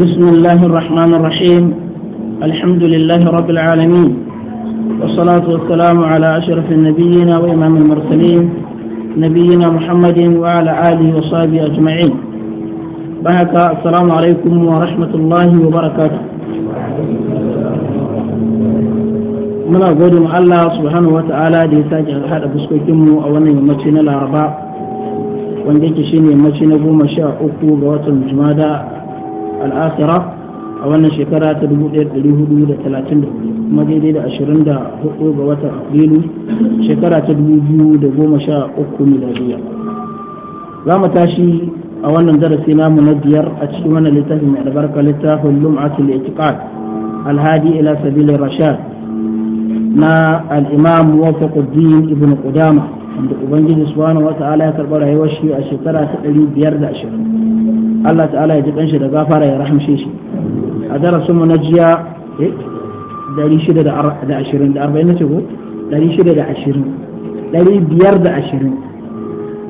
بسم الله الرحمن الرحيم الحمد لله رب العالمين والصلاة والسلام على أشرف النبيين وإمام المرسلين نبينا محمد وعلى آله وصحبه أجمعين بهك السلام عليكم ورحمة الله وبركاته من أقول مع الله سبحانه وتعالى دي ساجع هذا بسكوكم أولا يمتشين الأربعاء وندك شيني يمتشين أبو مشاء أكو بوات الجمادة al'akira a wannan shekara ta 1434 kuma daidai da 24 ga watan afrilu shekara ta 2013 miladiya za mu tashi a wannan darasi namu na biyar a cikin wannan littafin mai albarka littafin lum'atul itiqad alhadi ila sabil rashad na al-imam wafaquddin ibn qudama wanda ubangiji subhanahu wa ta'ala ya karɓi rayuwar shi a shekara ta 520 Allah ta'ala ya ji kanshi da gafara ya rahamshe shi a darasin mu na jiya 620 da 40 nace ko 620 520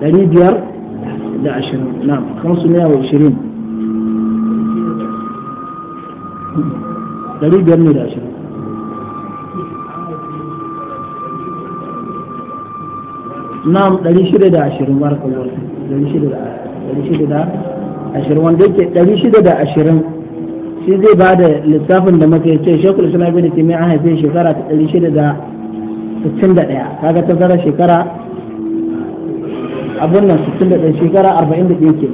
520 na'am 520 520 na'am 620 barakallahu 620 ashirin wanda yake ɗari shida da ashirin shi zai ba da lissafin da muka ce shekul suna bin kimi an haife shekara ta ɗari shida da sittin da ɗaya kaga tazara shekara abun nan sittin da ɗaya shekara arba'in da ɗaya ke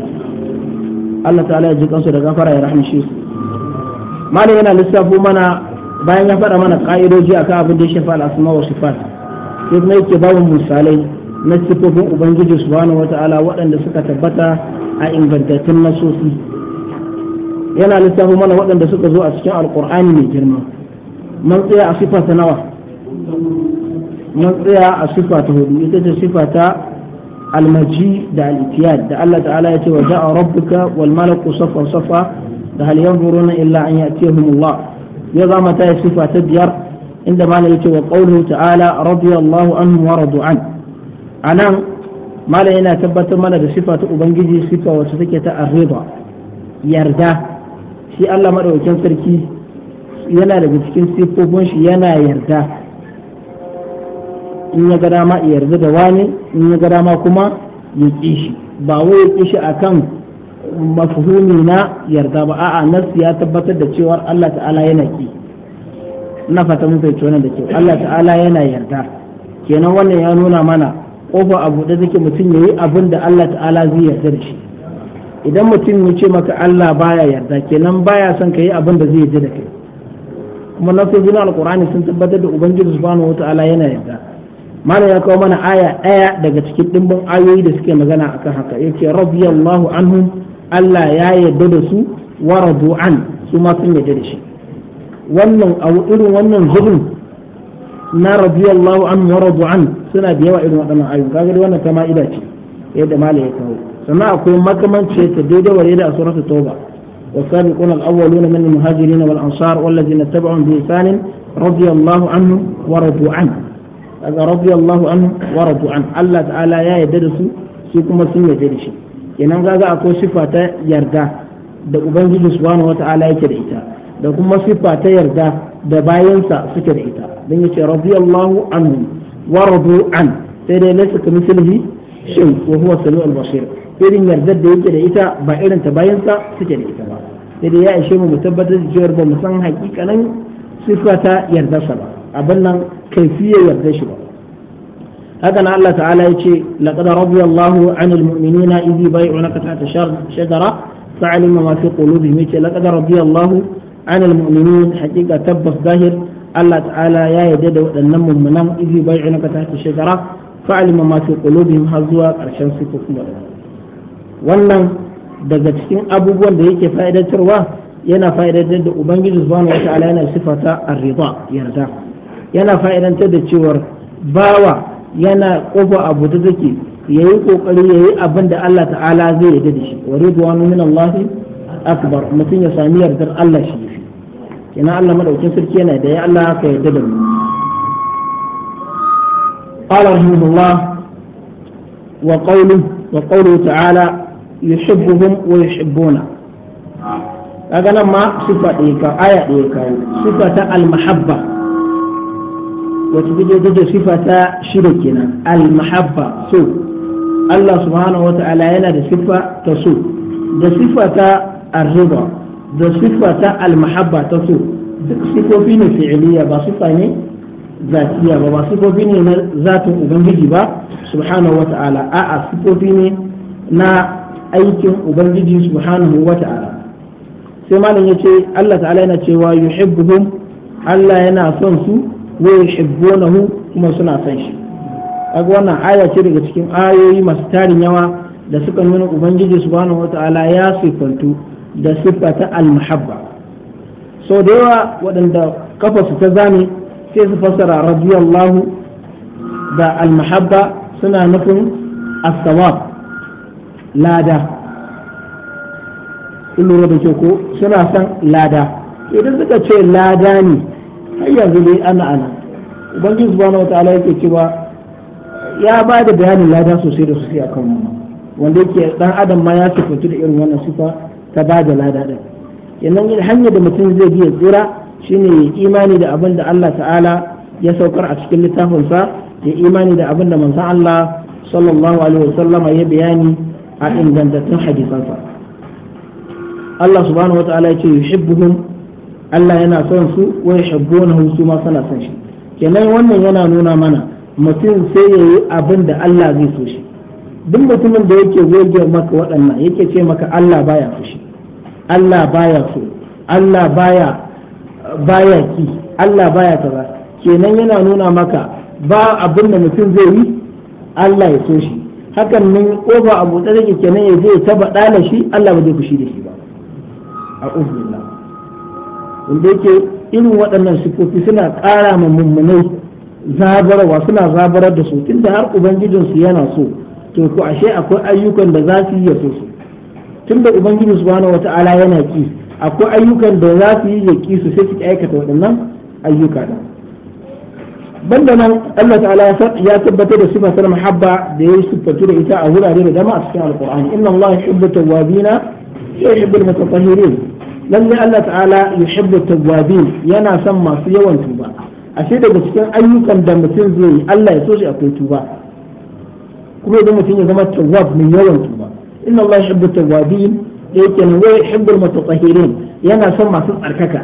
Allah ta'ala ya ji kansu da gafara ya shi su malam yana lissafo mana bayan ya faɗa mana ƙa'idoji akan abin da ya shafa al'asuma wa sifat sai kuma yake babu misalai na sifofin ubangiji subhanahu ta'ala waɗanda suka tabbata a ingantattun nasosi yana lissafa mana waɗanda suka zo a cikin alkur'ani mai girma man tsaya a sifa ta nawa man tsaya a sifa ta hudu ita ce sifa ta almaji da alitiyad da Allah ta'ala ya ce wa ja'a rabbuka wal malaku safa da hal yanzuruna illa an ya'tihumullah ya zama ta sifa ta biyar inda malai ya ce wa qawluhu ta'ala radiyallahu anhu wa radu an anan malam yana tabbatar mana da sifa ta ubangiji sifa wacce take ta arriba yarda shi Allah madaukakin sarki yana daga cikin sifofin shi yana yarda in ya ga dama yarda da wani in ya ga dama kuma ya ƙi ba wai ya ƙi akan mafhumi na yarda ba a'a nas ya tabbatar da cewa Allah ta'ala yana ƙi na fata mun fahimci wannan da kyau Allah ta'ala yana yarda kenan wannan ya nuna mana kofar a buɗe take mutum yayi abin da Allah ta'ala zai yarda da shi idan mutum ya ce maka Allah baya yarda kenan baya son ka yi abin da zai yarda da kai kuma na nasojin alkur'ani sun tabbatar da ubangiji subhanahu ta'ala yana yarda malam ya kawo mana aya ɗaya daga cikin dimbin ayoyi da suke magana akan haka yace radiyallahu anhum Allah ya yarda da su wa an su ma sun yarda da shi wannan a irin wannan zulm na radiyallahu an waradu an suna da yawa irin waɗannan ayyukan kaga wannan ta ma'ida ce yadda malai ya kawo sannan akwai makamanci ta daidai wa da suratul tauba wa sabiqun al awwaluna min al muhajirin wal ansar wal ladzina tabi'un bi ihsan radiyallahu anhu waradu an kaga radiyallahu an waradu an Allah ta'ala ya yarda da su su kuma sun yarda da shi kenan kaga akwai sifa ta yarda da ubangiji subhanahu wata'ala yake da ita da kuma siffa ta yarda da bayansa suke da ita don yace radiyallahu anhu wa radu an sai dai laysa kamithlihi shin wa huwa samiul basir irin yardar da yake da ita ba irin ta bayansa suke da ita ba sai dai ya ishe mu mu tabbatar da cewa ba mu san hakikanin siffa ta yardarsa ba abin nan kaifiyar yardar shi ba هكذا الله تعالى يقول لقد رضي الله عن المؤمنين إذ يبايعونك تحت شجرة فعلم ما في قلوبهم لقد رضي الله an almu'minun hakika tabbas zahir Allah ta'ala ya yarda da waɗannan mummunan izi bai'una ka ta shajara fa'alima ma fi qulubihim har zuwa ƙarshen sifofin wannan daga cikin abubuwan da yake fa'idatarwa yana fa'idantar da ubangiji subhanahu wata'ala yana sifata ar-rida yarda yana fa'idantar da cewar bawa yana kofa abu da zake yayi kokari yayi abin da Allah ta'ala zai yarda da shi wa ridwanu min Allah akbar mutum ya sami yardar Allah shi yafi kenan Allah madaukin sarki yana da ya Allah ka yarda da mu qala rahimahullah wa qawluhu wa qawluhu ta'ala yuhibbuhum wa yuhibbuna ma sifa ɗaya ka aya al-mahabba wacce take take sifa ta al so Allah yana da sifa so da sifata. الرضا ده صفة المحبة تسو صفة فين فعلية بصفة ذاتية وبصفة فين ذات أبنجي با سبحانه وتعالى أأ صفة فين نا أيكم أبنجي سبحانه وتعالى سيما لن يتي الله تعالى نتي ويحبهم الله ينا صنسو ويحبونه كما سنا صنشي kaga آية aya تكيم آية cikin ayoyi masu da suka nuna ubangiji subhanahu wataala ya sifantu da siffa ta al-muhabba so da yawa waɗanda kafasu ta zane sai su fassara radiyallahu da al-muhabba suna nufin as-sawab lada lura da ko suna son lada idan suka ce lada ne har yanzu dai ana ana ubangiji subhanahu wataala yake cewa ya ba da bayanin lada sosai da sosai akan wanda yake dan adam ma ya sifantu da irin wannan sifa ta ba da lada din kenan hanyar da mutum zai biya tsira shine ya imani da abin da Allah ta'ala ya saukar a cikin littafinsa ya imani da abin da manzon Allah sallallahu alaihi wasallama ya bayani a ingantattun hadisansa Allah subhanahu wa ta'ala ya ce yuhibbuhum Allah yana son su wa yuhibbunahu su ma sana son shi kenan wannan yana nuna mana mutum sai yayi abin da Allah zai so shi duk mutumin da yake goge maka waɗannan yake ce maka Allah baya fushi Allah baya so Allah baya baya ki Allah baya ta ba kenan yana nuna maka ba abin da mutum zai yi Allah ya so shi hakan nan kofa abu da yake kenan ya ya taba dala shi Allah ba zai fushi da shi ba a ubillah wanda yake irin waɗannan sifofi suna ƙara ma mummunai zabarwa suna zabarar da su tunda har ubangijinsu yana so to ashe akwai ayyukan da za su yi ya so su tunda ubangiji subhanahu wata'ala yana ki akwai ayyukan da za su yi ya ki su sai su aikata waɗannan ayyuka da banda nan Allah ta'ala ya tabbatar da sifar sanar mahabba da ya yi siffatu da ita a wurare da dama a cikin alkur'ani inna Allah hibba tawwabina wa yuhibbu al lalle Allah ta'ala yuhibbu tawwabin yana son masu yawan tuba ashe daga cikin ayyukan da mutum zai yi Allah ya so shi akwai tuba kuma idan mutum ya zama tawwab mai yawan tuba inna Allah yuhibbu tawwabin da yake ne wai yuhibbul mutatahhirin yana son masu tsarkaka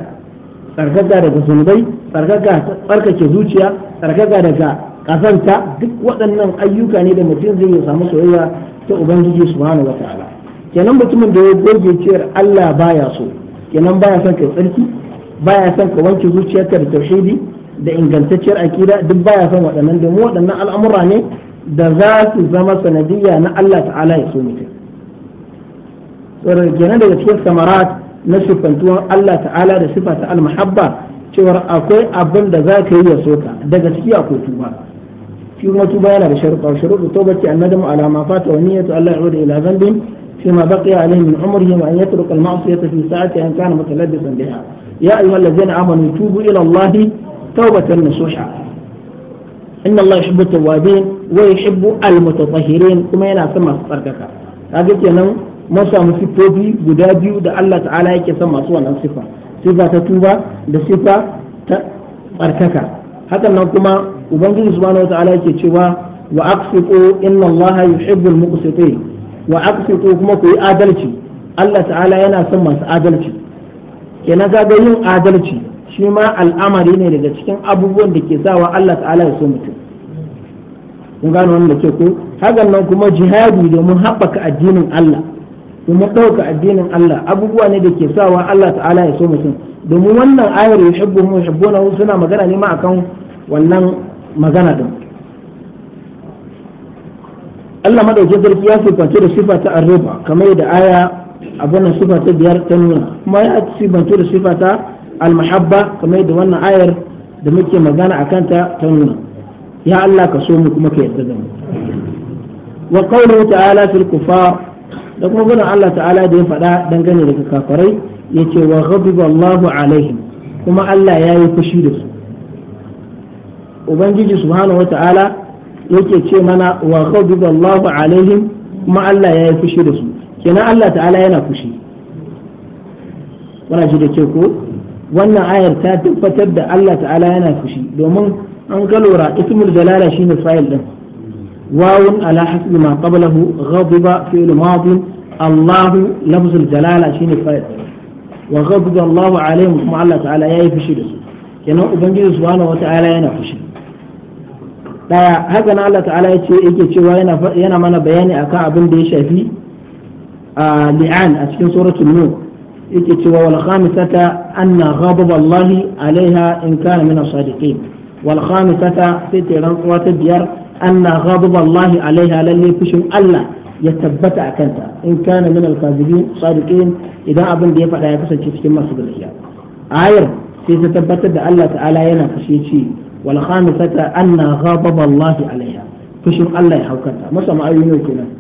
tsarkaka daga zunubai tsarkaka tsarkake zuciya tsarkaka daga kazanta duk waɗannan ayyuka ne da mutum zai ya samu soyayya ta ubangiji subhanahu wataala kenan mutumin da ya goge cewar Allah baya so kenan baya son kai tsarki baya son ka wanke zuciyarka da tauhidi da ingantacciyar akida duk baya son waɗannan domin waɗannan al'amura ne da za su zama sanadiyya na Allah ta'ala ya so mutum tsoron gina daga cikin samarat na siffantuwan Allah ta'ala da siffa ta almahabba cewa akwai abin da za ka yi ya so ka daga ciki akwai tuba shi kuma tuba yana da sharuɗa sharuɗa to bacci an nadama alama fata wani ya Allah ya ila zambin shi ma baki ya alayhi min umar yi ma'an ya turuka al-ma'asu ya tafi sa'ati an kana masa labbisan biya ya ayyuhal lazina amanu tubu ila Allah tawbatan nasuha inna Allah yuhibbu tawwabin wa yuhibbu al kuma yana son masu tsarkaka kaga kenan mun samu sifofi guda biyu da Allah ta'ala yake son masu wannan sifa sifa ta tuba da sifa ta tsarkaka hakan nan kuma ubangiji subhanahu wata'ala yake cewa wa aqsitu inna allaha yuhibbul muqsitin wa aqsitu kuma ku yi adalci Allah ta'ala yana son masu adalci kenan ga yin adalci shi ma al'amari ne daga cikin abubuwan da ke sawa Allah ta'ala ya so mutum kun gano wanda ke ko hakan nan kuma jihadi domin haɓaka addinin Allah domin ɗauka addinin Allah abubuwa ne da ke sawa Allah ta'ala ya so mutum domin wannan ayar yuhibbuhum yuhibbunahu suna magana ne ma akan wannan magana din Allah madauki sarki ya sifanci da sifa ta arriba kamar yadda aya abunan sifa ta biyar ta nuna kuma ya sifanci da sifa ta almahabba kamar yadda wannan ayar da muke magana a kanta ta nuna ya Allah ka so mu kuma ka yarda da mu wa qawluhu ta'ala fil kufar da kuma gudun Allah ta'ala da ya faɗa dangane daga kafarai ya ce wa ghadiba Allahu alaihim kuma Allah ya yi fushi da su ubangiji subhanahu wata'ala yake ce mana wa ghadiba Allahu alaihim kuma Allah ya yi fushi da su kenan Allah ta'ala yana fushi wana ji da ke ko wannan ayar ta tabbatar da Allah ta'ala yana fushi domin an ga lura ismul jalala shine fa'il din wawun ala hasbi ma qablahu ghadiba fi'l madin Allah lafzul jalala shine fa'il wa ghadiba Allah alaihim kuma Allah ta'ala yayi fushi da su kenan ubangiji subhanahu wata'ala yana fushi daya haka nan Allah ta'ala yace yake cewa yana mana bayani akan abin da ya shafi a li'an a cikin suratul nur yake cewa wal khamisata anna ghadab Allah alaiha in kana min as-sadiqin wal khamisata sai ta rantsuwa ta biyar anna ghadab Allah alaiha lalle fushin Allah ya tabbata a kanta in kana min al-kadhibin sadiqin idan abin da ya faɗa ya kasance cikin masu gaskiya ayar sai ta tabbatar da Allah ta'ala yana fushi ce wal khamisata anna ghadab Allah alaiha fushin Allah ya haukanta masa ma'ayyuno kenan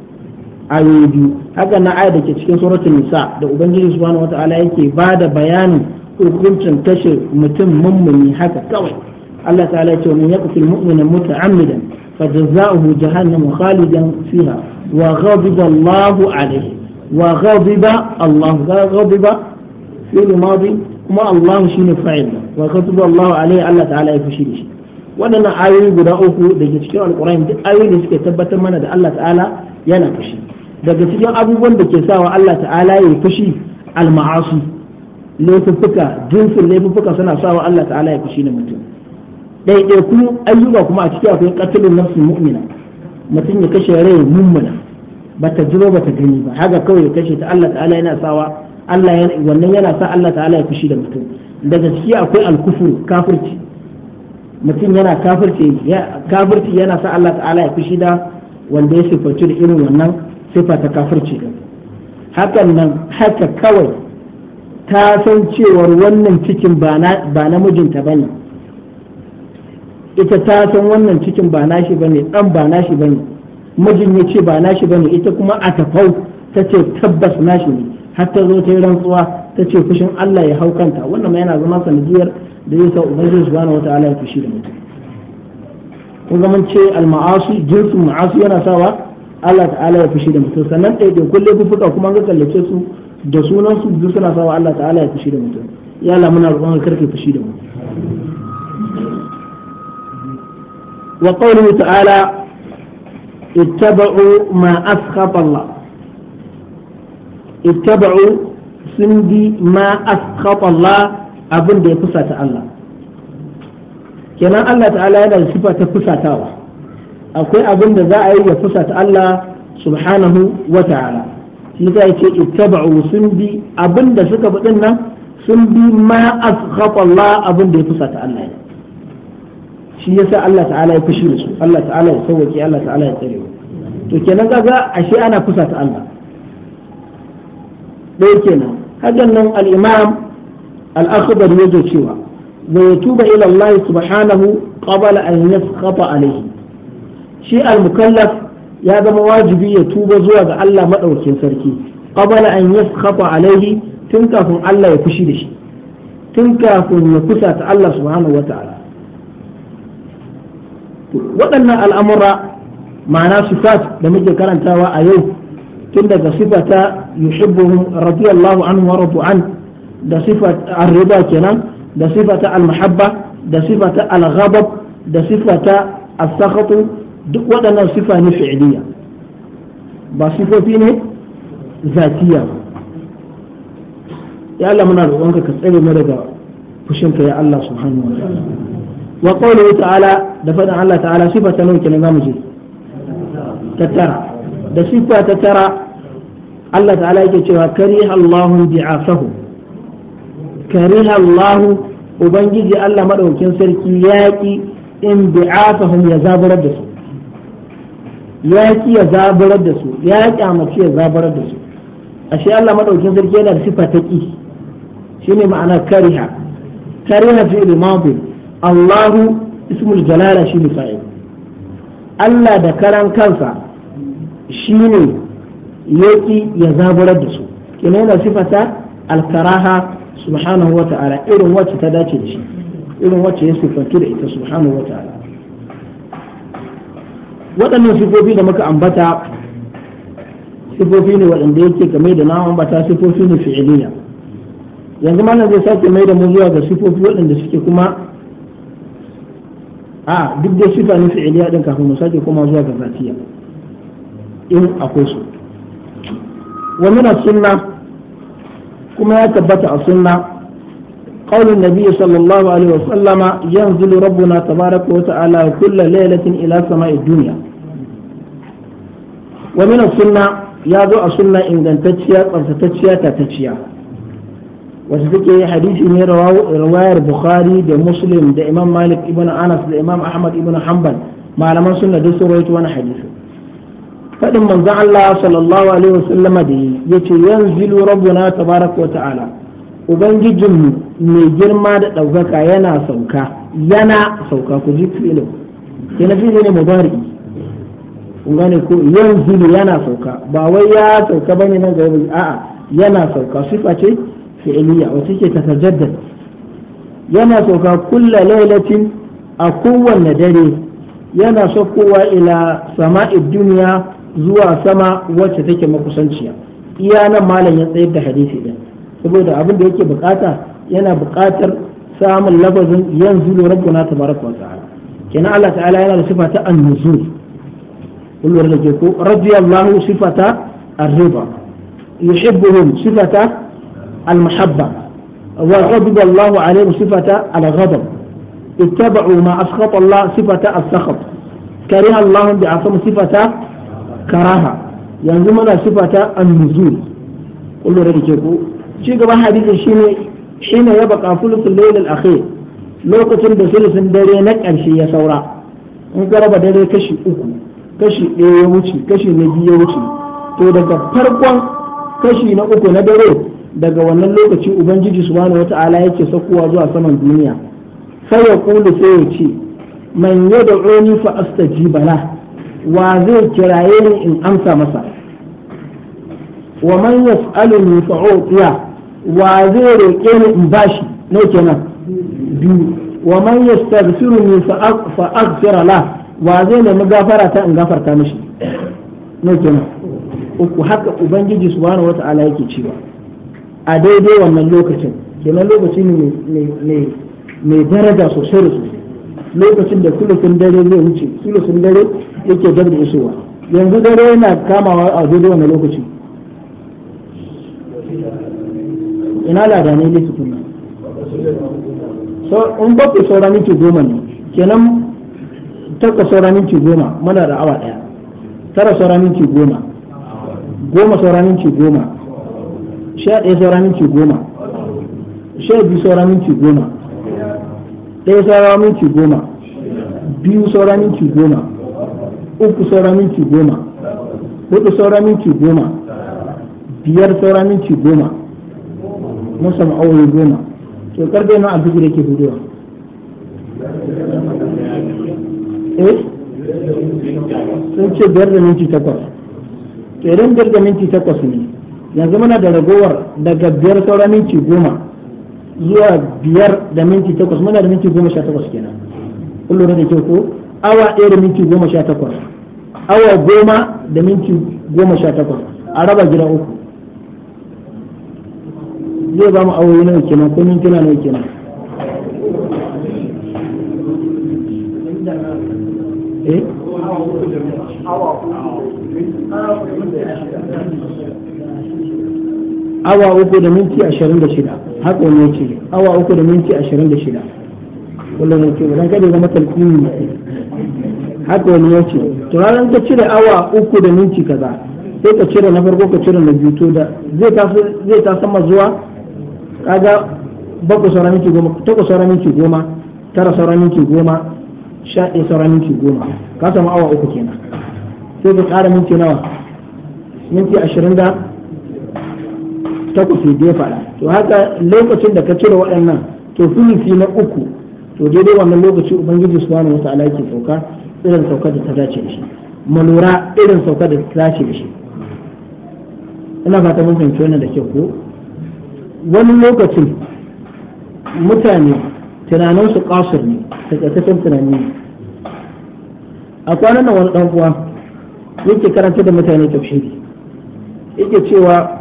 ayoyi biyu haka na aya da ke cikin suratul nisa da ubangiji subhanahu wataala yake ba da bayanin hukuncin kashe mutum mummuni haka kawai Allah ta'ala ya ce mun yaqtul mu'mina muta'ammidan wa جهنم allahu فيها wa الله allahu وغضب الله غضب في الماضي kuma Allah shi ne fa'il wa katuba allahu alaihi Allah ta'ala ya fushi da shi waɗannan ayoyi guda uku da ke cikin alƙur'ani duk ayoyi da suke tabbatar mana da Allah ta'ala yana fushi daga cikin abubuwan da ke sawa Allah ta'ala ya fushi al-ma'asi laifuffuka jinsin laifuffuka suna sawa Allah ta'ala ya fushi da mutum ɗaiɗaiku ayyuka kuma a ciki akwai katilin nafsin mu'mina mutum ya kashe rai mummuna ta jiro ba ta gani ba haka kawai ya kashe ta Allah ta'ala yana sawa Allah wannan yana sa Allah ta'ala ya fushi da mutum daga ciki akwai al-kufru kafirci mutum yana kafirci kafirci yana sa Allah ta'ala ya fushi da wanda ya sifatu da irin wannan sifa ta kafirci ɗin hakan nan haka kawai ta san cewar wannan cikin ba na mijinta ba ne ita ta san wannan cikin ba nashi ba ne ɗan ba nashi ba ne mijin ya ce ba nashi ba ne ita kuma a tafau ta ce tabbas nashi ne har ta zo ta yi rantsuwa ta ce fushin Allah ya hau kanta wannan ma yana zama sanadiyar da zai sa ubangiji subhanahu wataala ya fushi da mutum kun ga mun ce al-ma'asi jinsu ma'asi yana sawa Allah ta'ala ya fushi da mutum sannan ɗaiɗai kulle fufuka kuma ga kallace su da sunan su duk suna sawa Allah ta'ala ya fushi da mutum ya Allah muna roƙon ka karke fushi da mu wa qawluhu ta'ala ittaba'u ma askhata Allah ittaba'u sun bi ma askhata Allah abin da ya fusata Allah kenan Allah ta'ala yana da sifa ta fusatawa akwai abin da za a yi ya fusata Allah subhanahu wa ta'ala shi ta yace ittaba'u sun bi abin da suka bi nan sun bi ma asghafa Allah abin da ya fusata Allah ne shi yasa Allah ta'ala ya fushi da su Allah ta'ala ya sauke Allah ta'ala ya tsare to kenan kaga ashe ana ta Allah dai kenan hakan nan al-imam al-akhdar yazo cewa wa yatuba ila Allah subhanahu qabla an yaskhata alayhi shi al-mukallaf ya zama wajibi ya tuba zuwa ga Allah madaukakin sarki ƙabala an yaskhafa alaihi tun kafin Allah ya fushi da shi tun kafin ya kusa ta Allah subhanahu wata'ala waɗannan al'amura ma'ana sifat da muke karantawa a yau tun daga sifata yuhibbuhum radiyallahu anhu wa radu an da sifat ar-rida kenan da sifata al-mahabba da sifata al-ghadab da sifata as-sakhat duk waɗannan sifa ne fi'liya ba sifofi ne zatiya ya Allah muna roƙonka ka tsare mu daga fushinka ya Allah subhanahu wa ta'ala wa qawluhu ta'ala da faɗin Allah ta'ala sifa ta nauke ne zamu je ta da sifa ta tara Allah ta'ala yake cewa kariha Allahu bi'afahu kariha Allahu ubangiji Allah madaukin sarki yaki in bi'afahum ya zaburar da su ya ki ya zabarar da su ya kyamaci ya zabarar da su ashe Allah madaukin sarki yana da sifa ta ki shine ma'ana kariha kariha fi al Allahu ismul jalala shine fa'il Allah da karan kansa shine yaki ya zabarar da su kina yana sifata ta alkaraha subhanahu wa ta'ala irin wacce ta dace da shi irin wacce ya sifantu da ita subhanahu wa ta'ala waɗannan sifofi da muka ambata sifofi ne waɗanda yake game da na ambata sifofi ne fi'iliya yanzu ma zai sake mai da mu zuwa ga sifofi waɗanda suke kuma a duk da sifa ne fi'iliya din kafin mu sake kuma zuwa ga zatiya in akwai su wa min sunna kuma ya tabbata a sunna قول النبي صلى الله عليه وسلم ينزل ربنا تبارك وتعالى كل ليلة إلى سماء الدنيا wa min sunna ya zo a sunna ingantacciya tsaftatacciya tatacciya wata take hadisi ne rawayar bukhari da muslim da imam malik ibn anas da imam ahmad ibn hanbal malaman sunna duk sun rawaito wani hadisi fadin manzon Allah sallallahu alaihi wasallam da yace yanzilu rabbuna tabaraka wa ta'ala mu mai girma da daukaka yana sauka yana sauka ku ji filin yana filin ne mubari'i kun ko yanzu yana sauka ba wai ya sauka bane nan gaba a'a yana sauka sifa ce fi'liya wacce ke tatajaddad yana sauka kulla lailatin a kowanne dare yana saukowa ila sama'id duniya zuwa sama wacce take makusanciya iya nan malam ya tsayar da hadisi din saboda abin da yake bukata yana bukatar samun lafazin yanzu rabbuna tabaraka wa ta'ala kenan Allah ta'ala yana da sifa ta an-nuzul قل ورجلك رضي الله صفة الرضا يحبهم صفة المحبة وغضب الله عليهم صفة الغضب اتبعوا ما أسخط الله صفة السخط كره الله بعصم صفة كراهة ينزمنا صفة النزول قل ورجلك شيخ ما حديث الشيني حين يبقى فل في الليل الأخير لو كنت بثلث دارينك أنشي يا ثورة انقرب دارينك شيء أكو kashi ɗaya ya wuce kashi na biyu ya wuce to daga farkon kashi na uku na dare daga wannan lokaci ubangiji subhanahu wata'ala yake sakuwa zuwa saman duniya sai ya kulu sai ya ce man yad'uni fa astajiba la wa zai kiraye ni in amsa masa wa man yas'aluni fa utiya wa zai roƙe ni in bashi nake kenan biyu wa man yastaghfiruni fa aghfira lahu wa zai nemi gafara ta in gafarta mishi no kenan uku haka ubangiji subhanahu wata'ala yake cewa a daidai wannan lokacin kenan lokaci ne mai daraja sosai da sosai lokacin da sulufin dare zai wuce sulufin dare yake dab da isowa yanzu dare yana kamawa a daidai wannan lokaci ina ladanai ne tukuna so in bakwai sauran yake goma ne kenan takwas saura minti goma muna da awa ɗaya tara saura minti goma goma saura minti goma sha ɗaya saura minti goma sha biyu saura minti goma ɗaya saura minti goma biyu saura minti goma uku saura minti goma hudu saura minti goma biyar saura minti goma musamman aure goma to karbe na abu da ke hudu Eh? sun ce biyar da minti takwas to idan biyar da minti takwas ne yanzu muna da ragowar daga biyar saura minti goma zuwa biyar da minti takwas muna da minti goma sha takwas kenan kullum lura da kyau ko awa ɗaya da minti goma sha takwas awa goma da minti goma sha takwas a raba gida uku zai ba mu awoyi nawa kenan ko mintuna nawa kenan Eh? awa uku da minti ashirin da shida haka wani yake awa uku da minti ashirin da shida wanda ne ke wadan kada zama talqini ne haka wani yake to ranar ka cire awa uku da minti kaza sai ka cire na farko ka cire na biyu to da zai ta zai ta sama zuwa kaga bakwai sauran minti goma takwas sauran minti goma tara sauran minti goma sha ɗaya saura minti goma ka samu awa uku kenan sai ka ƙara minti nawa minti ashirin da takwas da ya faɗa to haka lokacin da ka cire waɗannan to filifi na uku to daidai wannan lokaci ubangiji subhanahu wa ta'ala yake sauka irin saukar da ta dace da shi malura irin saukar da ta dace da shi ina fata mun fahimci wannan da ke ko wani lokacin mutane tunaninsu kasur ne takaitaccen tunani ne a kwanan nan wani ɗan uwa yake karanta da mutane tafshidi yake cewa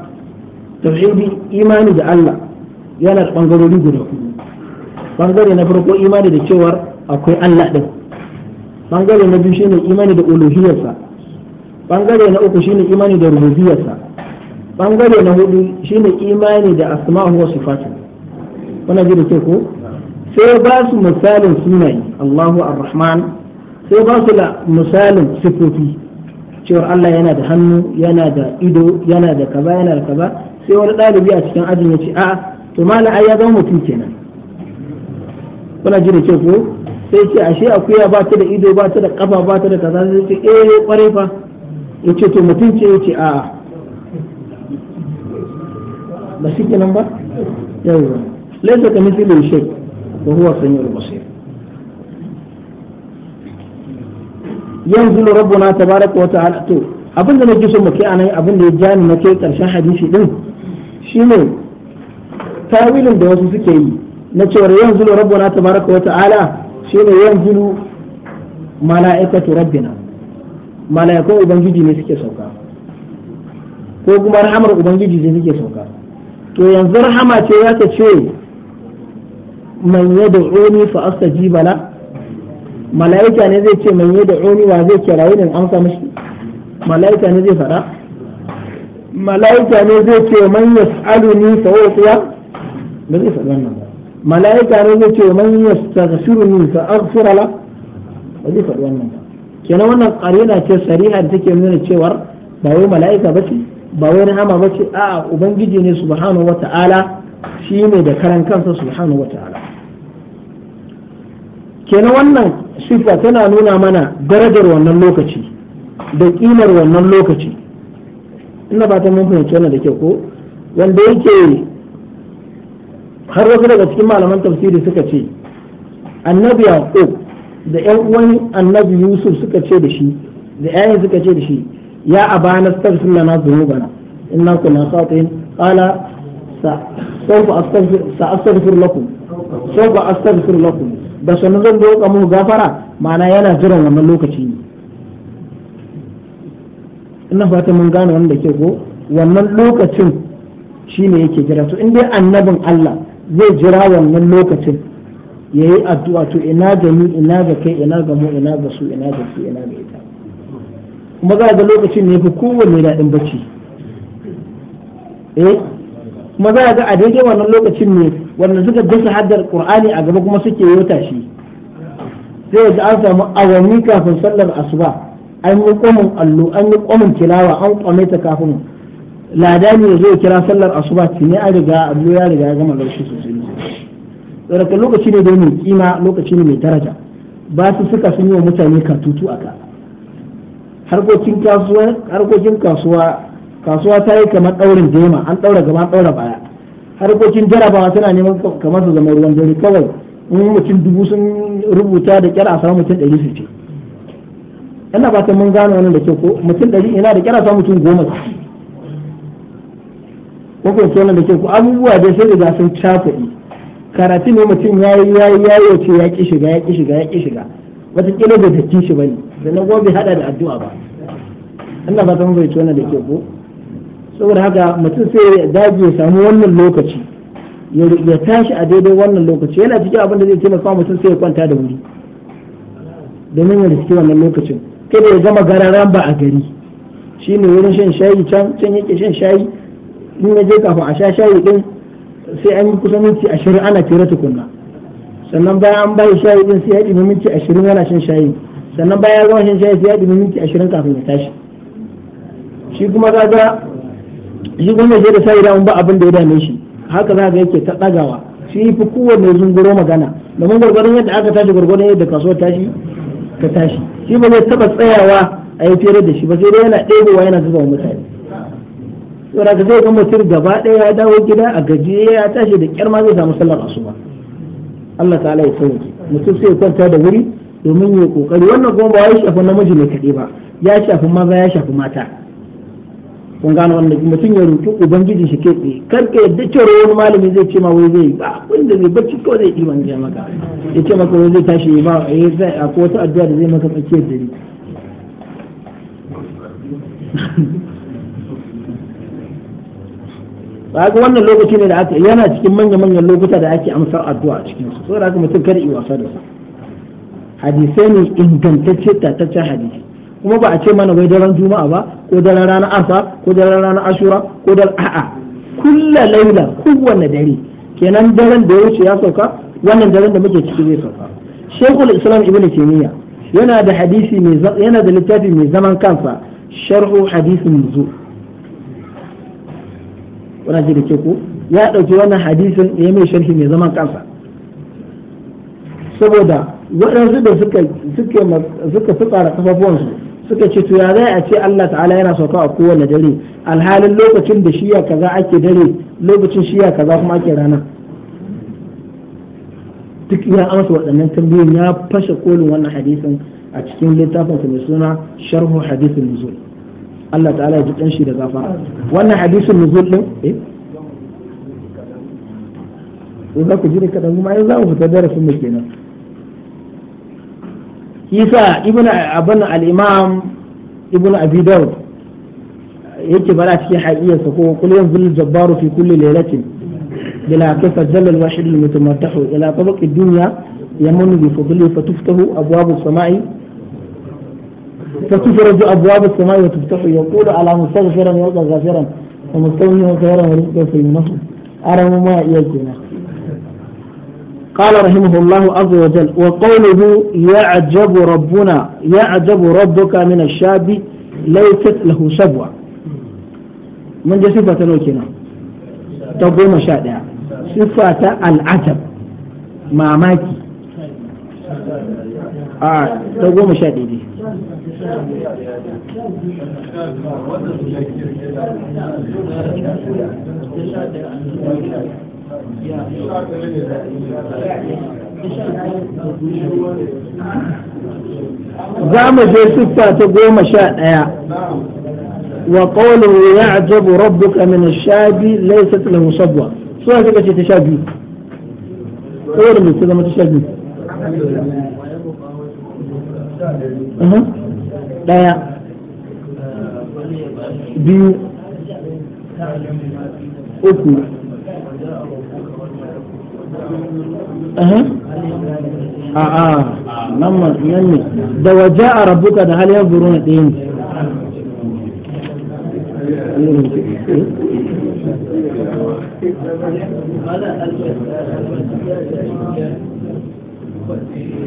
tafshidi imani da Allah yana da ɓangarori guda hudu ɓangare na farko imani da cewar akwai Allah ɗin ɓangare na biyu shine imani da uluhiyarsa ɓangare na uku shine imani da rububiyarsa ɓangare na hudu shine imani da asma'u wa sifatu wannan ji da ke ko sai ba su misalin sunaye Allahu ar-Rahman sai ba su misalin sifofi cewa Allah yana da hannu yana da ido yana da kaza yana da kaza sai wani ɗalibi a cikin ajin ya ce a'a to mala ai ya zama mutum kenan kuna ji da ce ko sai ce ashe akuya ba ta da ido ba ta da kafa ba ta da kaza sai ce eh kware fa ce to mutum ce yace a'a ba shi kenan ba yawa laisa kamithlihi shay wa huwa samiul basir yanzu rabbuna tabaraka wa ta'ala to abinda nake so mu nan abin da ya jani na kai karshen hadisi din shi ne tawilin da wasu suke yi na cewar cewa yanzu rabbuna tabaraka wa ta'ala shine yanzu mala'ikatu rabbina mala'ikun ubangiji ne suke sauka ko kuma rahamar ubangiji ne suke sauka to yanzu rahama ce ya ce man oni fa ji bala malaika ne zai ce man oni wa zai kira ni in amsa mishi malaika ne zai fada malaika ne zai ce man yas'aluni fa uqiya ba zai fada nan malaika ne zai ce man yastaghfiruni fa aghfira la ba zai fada wannan kenan wannan qarina ce sariha da take nuna cewar ba wai malaika bace ba wai rahama bace a'a ubangiji ne subhanahu wata'ala shi ne da karan kansa subhanahu wata'ala kenan wannan sifa tana nuna mana darajar wannan lokaci da kimar wannan lokaci ina ba ta mun fahimci wannan da kyau ko wanda yake har wasu daga cikin malaman tafsiri suka ce annabi yaqub da yan uwan annabi yusuf suka ce da shi da yayin suka ce da shi ya abana tafsir lana dhunubana inna kunna khati'in qala sa sawfa astaghfir sa astaghfir lakum sawfa astaghfir lakum da sannan zan roƙa muku gafara ma'ana yana jiran wannan lokaci ne ina fata mun gane wanda ke ko wannan lokacin shine yake jira to in dai annabin Allah zai jira wannan lokacin yayi addu'a to ina ga ni ina ga kai ina ga mu ina ga su ina ga su ina ga ita kuma za ga lokacin ne fi kowanne daɗin bacci eh kuma za a ga a daidai wannan lokacin ne wanda suka dasa haddar qur'ani a gaba kuma suke yota shi sai ga an samu awanni kafin sallar asuba an yi kwamin allo an yi kwamin tilawa an kwame ta kafin lada ne zai kira sallar asuba ne an riga allo ya riga ya gama garshe sosai tsaraka lokaci ne dai mai kima lokaci ne mai daraja ba su suka sun yi wa mutane katutu a ka harkokin kasuwa kasuwa ta yi kamar ɗaurin jema an ɗaura gaba an ɗaura baya harkokin jarabawa suna neman kamar su zama ruwan dare kawai in mutum dubu sun rubuta da kyar a samu mutum ɗari su ce ina ba ta mun gano wani da ke ko mutum ɗari ina da kyar a samu mutum goma su ko ko da ke ko abubuwa dai sai da sun cakuɗi karatu ne mutum ya yi ya yi ya yi ce ya ki shiga ya ki shiga ya ki shiga wataƙila bai da shi ba ne sannan kuma bai haɗa da addu'a ba Allah ba ta mun bai to wannan da ke ko saboda haka mutum sai ya dage ya samu wannan lokaci ya tashi a daidai wannan lokaci yana cikin abin da zai taimaka mutum sai ya kwanta da wuri domin ya riski wannan lokacin kada ya gama gararan ba a gari shi ne wurin shan shayi can can yake shan shayi in ya je kafin a sha shayi din sai an yi kusan minti ashirin ana fira tukunna sannan bayan an bayi shayi din sai ya ɗibi minti ashirin yana shan shayi sannan bayan ya gama shan shayi sai ya ɗibi minti ashirin kafin ya tashi shi kuma ga shi gwamnati sai da sai da ba abin da ya dame shi haka za ga yake ta dagawa shi fi kowanne zunguro magana domin gwargwadon yadda aka tashi gwargwadon yadda kasuwar tashi ka tashi shi ba zai taba tsayawa a yi fere da shi ba sai dai yana ɗebowa yana zuba wa mutane to ka zai ga mutum gaba ɗaya ya dawo gida a gajiye ya tashi da kyar ma zai samu sallar asuba Allah ta'ala ya sauke mutum sai ya kwanta da wuri domin ya kokari wannan kuma ba ya shafi namiji ne kaɗai ba ya shafi maza ya shafi mata kun gano wannan mutum ya roki ubangiji shi ke tsaye kar ka yadda cewa wani malami zai ce ma wai zai ba wanda zai bacci ko zai iman ya maka ya ce maka wai zai tashi ba ya zai ko wata addu'a da zai maka tsakiyar dare ga wannan lokaci ne da aka yana cikin manya manyan lokuta da ake amsar addu'a a cikin su saboda haka mutum kada yi wasa da su hadisai ne ingantacce ta hadisi kuma ba a ce mana wai daren juma'a ba ko daren ranar arfa ko daren ranar ashura ko daren a'a kulla laila kowanne dare kenan daren da ya wuce ya sauka wannan daren da muke ciki zai sauka shekul islam ibn taymiya yana da hadisi mai yana da littafi mai zaman kansa sharhu hadisin nuzul wannan ji da ke ko ya dauki wannan hadisin ya mai sharhi mai zaman kansa saboda waɗansu da suka suka suka fitsara kafafuwansu suka ce to ya zai a ce Allah ta'ala yana sauka a kowane dare alhalin lokacin da shiya kaza ake dare lokacin shiya kaza kuma ake rana duk ya amsa waɗannan tambayoyin ya fashe kolin wannan hadisin a cikin littafin mai suna sharhu hadisin nuzul Allah ta'ala ya ji kanshi da gafara wannan hadisin nuzul din eh ku ji ne kadan kuma ai za mu fita darasin mu kenan kisa ibn ibnu abin al-imam ibnu abi daud yake bara cikin haƙiyarsa ko kul yanzul jabbaru fi kulli lailatin bila kaifa jalla al-wahid ila tabaq dunya yamunu bi fadli fatuftahu abwabu as-sama'i فتفرج أبواب السماء وتفتح يقول على مستغفرا يلقى غافرا ومستغنيا خيرا ورزقا فينصر أرى ما يلقينا قال رحمه الله عز وجل وقوله يعجب ربنا يعجب ربك من الشاب ليست له سبوة من دي صفة لوكنا تقوم شادع صفة العجب ما ماكي آه تقوم شادع دي za mu je siffa ta goma sha ɗaya wa qawluhu ya'jabu rabbuka min ash-shabi laysat lahu sabwa so ya kace ta sha biyu kawai mai ta zama ta sha biyu ɗaya biyu uku a'a nan nan ne da waje a rabuka da hal yanzuru na ɗayan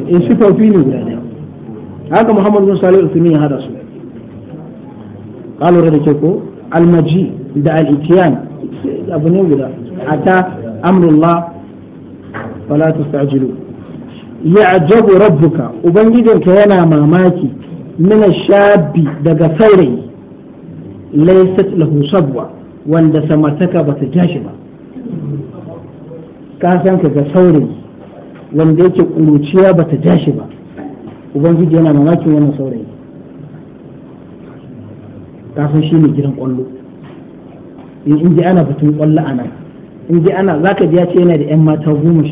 in sifofi ne guda ɗaya haka muhammad bin salih uthmani ya hada su kalura da ke ko almaji da al'itiyan abu ne guda ata amrullah wala tustajilu ya'jabu rabbuka ubangijinka yana mamaki min shabi daga saurayi laysat lahu sabwa wanda samartaka bata jashi ba ka ka ga saurayi wanda yake kuruciya bata jashi ba ubangiji yana mamakin wannan saurayi kafin shi ne gidan kwallo in ji ana batun kwallo a nan in ji ana za ka ji ce yana da 'yan mata goma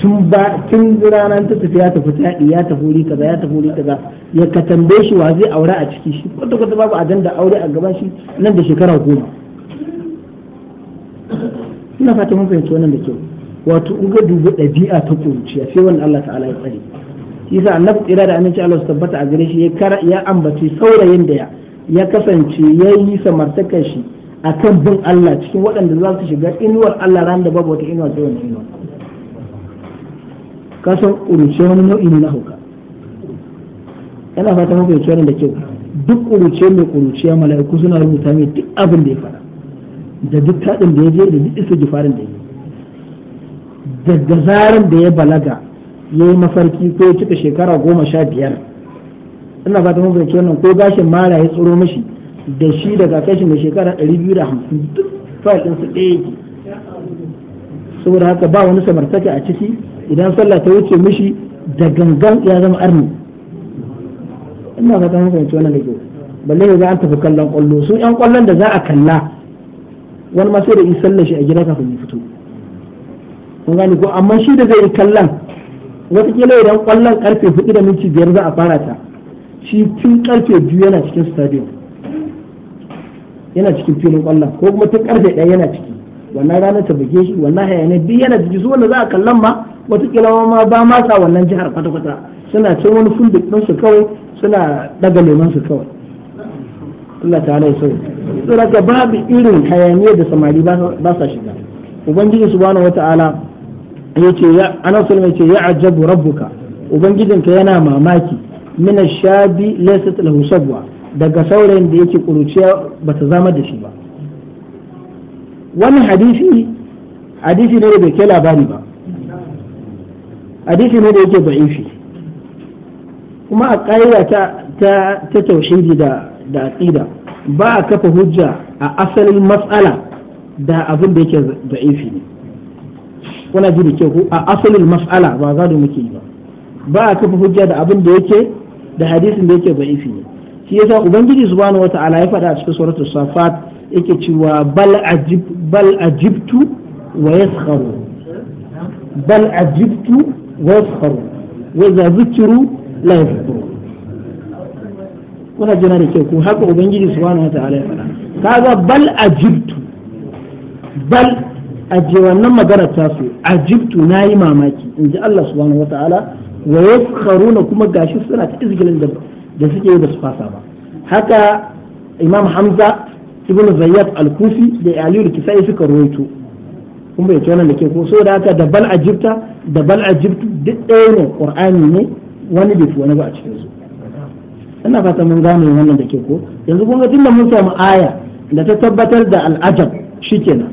tun ba tun ranar ta tafi ya tafi taɗi ya tafi wuri kaza ya tafi wuri kaza ya ka tambaye shi wa zai aure a ciki shi kwata kwata babu ajanda aure a gaban shi nan da shekara goma ina fata mun fahimci wannan da kyau wato in ga dubu ɗabi'a ta kuruciya sai wannan Allah ta'ala ya tsare yasa annabi tsira da aminci Allah su tabbata a gare shi ya ambaci saurayin da ya kasance ya yi samartakar shi akan bin Allah cikin waɗanda za su shiga inuwar Allah ran da babu wata inuwa sai wannan inuwar kasan ƙuruce wani nau'i ne na hauka yana fata mafi wani da kyau duk ƙuruce mai ya mala'iku suna rubuta mai duk abin da ya fara da duk taɗin da ya je da duk isa gifarin da ya yi daga zarin da ya balaga ya yi mafarki ko ya cika shekara goma sha biyar ina fata mafi yace wannan ko gashin mara ya tsoro mashi da shi daga kashi mai shekara ɗari biyu da hamsin duk fa'ilin ɗaya ɗaya yake saboda haka ba wani samartaka a ciki idan sallah ta wuce mishi da gangan ya zama arni ina fata mun fahimci wannan da ke. balle ya ga an tafi kallon kwallo su yan kwallon da za a kalla wani ma sai da yi sallar shi a gida kafin ya fito kun gani ko amma shi da zai yi kallon kila idan kwallon karfe hudu da minti biyar za a fara ta shi tun karfe biyu yana cikin stadium yana cikin filin kwallon ko kuma tun karfe ɗaya yana ciki wannan ranar ta buge shi wannan hayanai duk yana ciki su wanda za a kallon ma watakila ma ba ma wannan jihar kwata-kwata suna cin wani funduk ɗinsu kawai suna daga neman su kawai Allah ta halaye sau babu irin hayaniyar da samari ba sa shiga ubangiji subhanahu wata'ala yace ya ana sulma ce ya ajabu rabbuka ka yana mamaki mina shabi laysat lahu sabwa daga saurayin da yake kuruciya ba ta zama da shi ba wani hadisi hadisi ne da bai kai labari ba hadisi ne da yake da'ifi kuma a ƙa'ida ta ta tauhidi da da aqida ba a kafa hujja a asalin matsala da abin da yake da'ifi ne kuna ji da ke ku a asalin matsala ba za da muke yi ba ba a kafa hujja da abin da yake da hadisin da yake da'ifi ne shi yasa ubangiji subhanahu wata'ala ya faɗa a cikin suratul safat yake cewa bal ajib bal ajibtu wa yaskharu bal ajibtu ويسخرون وإذا ذكروا لا يذكرون kuna jina da ke ku haka ubangiji subhanahu ta'ala ya faɗa kaga bal ajibtu bal aje wannan magana ta su ajibtu nayi mamaki in ji Allah subhanahu wataala wa yaskharuna kuma gashi suna ta izgilin da da suke ba su fasa ba haka imam hamza ibn zayyad al-kufi da aliyu al-kisai suka rawaito kun bai tona da ke ko so da haka da bal ajibta da bal ajibtu duk ɗaya ne qur'ani ne wani bai fi wani ba a cikin su ina fata mun gane wannan da ke ko yanzu kun ga tunda mun samu aya da ta tabbatar da al'ajab shikenan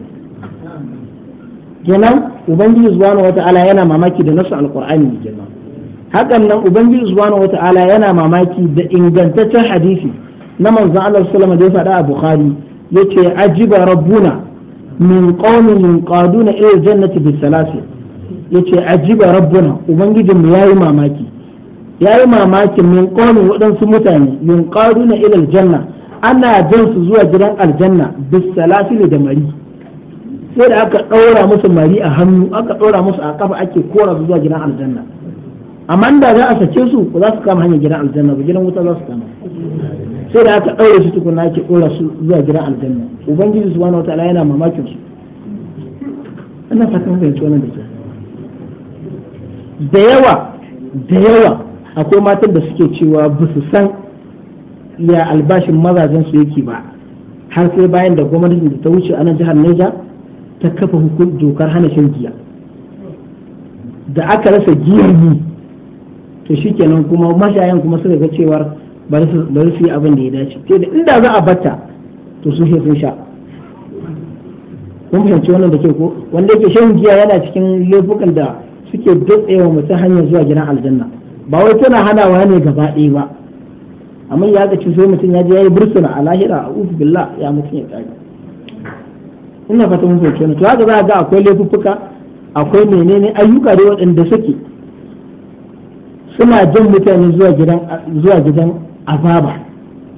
kenan ubangiji subhanahu wata'ala yana mamaki da nasu alqur'ani ne kenan hakan nan ubangiji subhanahu wata'ala yana mamaki da ingantaccen hadisi na manzon Allah sallallahu alaihi wasallam da ya faɗa a Bukhari yace ajiba rabbuna min qaumin yunqaduna ila aljannati bisalasi yace ajiba rabbuna ubangijin mu yayi mamaki yayi mamaki min waɗansu mutane yunqaduna ila janna ana jan su zuwa gidan aljanna bisalasi da mari sai da aka ɗaura musu mari a hannu aka ɗaura musu a kafa ake kora su zuwa gidan aljanna amma da za a sace su ba za su kama hanyar gidan aljanna ba gidan wuta za su kama sai da aka ɗaure su tukuna ake ɗora su zuwa gidan aljanna ubangiji wani wataala yana mamakin su ina fatan fahimci wannan da ke da yawa da yawa akwai matan da suke cewa ba su san ya albashin mazajen su yake ba har sai bayan da gwamnatin da ta wuce a nan jihar Neja ta kafa hukun dokar hana shan giya da aka rasa giyar ni to shikenan kuma mashayan kuma suka ga cewar ba su yi abin da ya dace inda za a bata to su sai sun sha kun fahimci wannan da ke ko wanda yake shan giya yana cikin laifukan da suke dotsewa mutum hanyar zuwa gidan aljanna ba wai tana hanawa ne gaba ɗaya ba amma ya ga sai mutum ya je ya yi bursuna a lahira a ufi billah ya mutum ya tsaya ina fata mun fahimci wannan to haka za ga akwai laifuka akwai menene ayyuka da waɗanda suke suna jan mutane zuwa gidan zuwa gidan azaba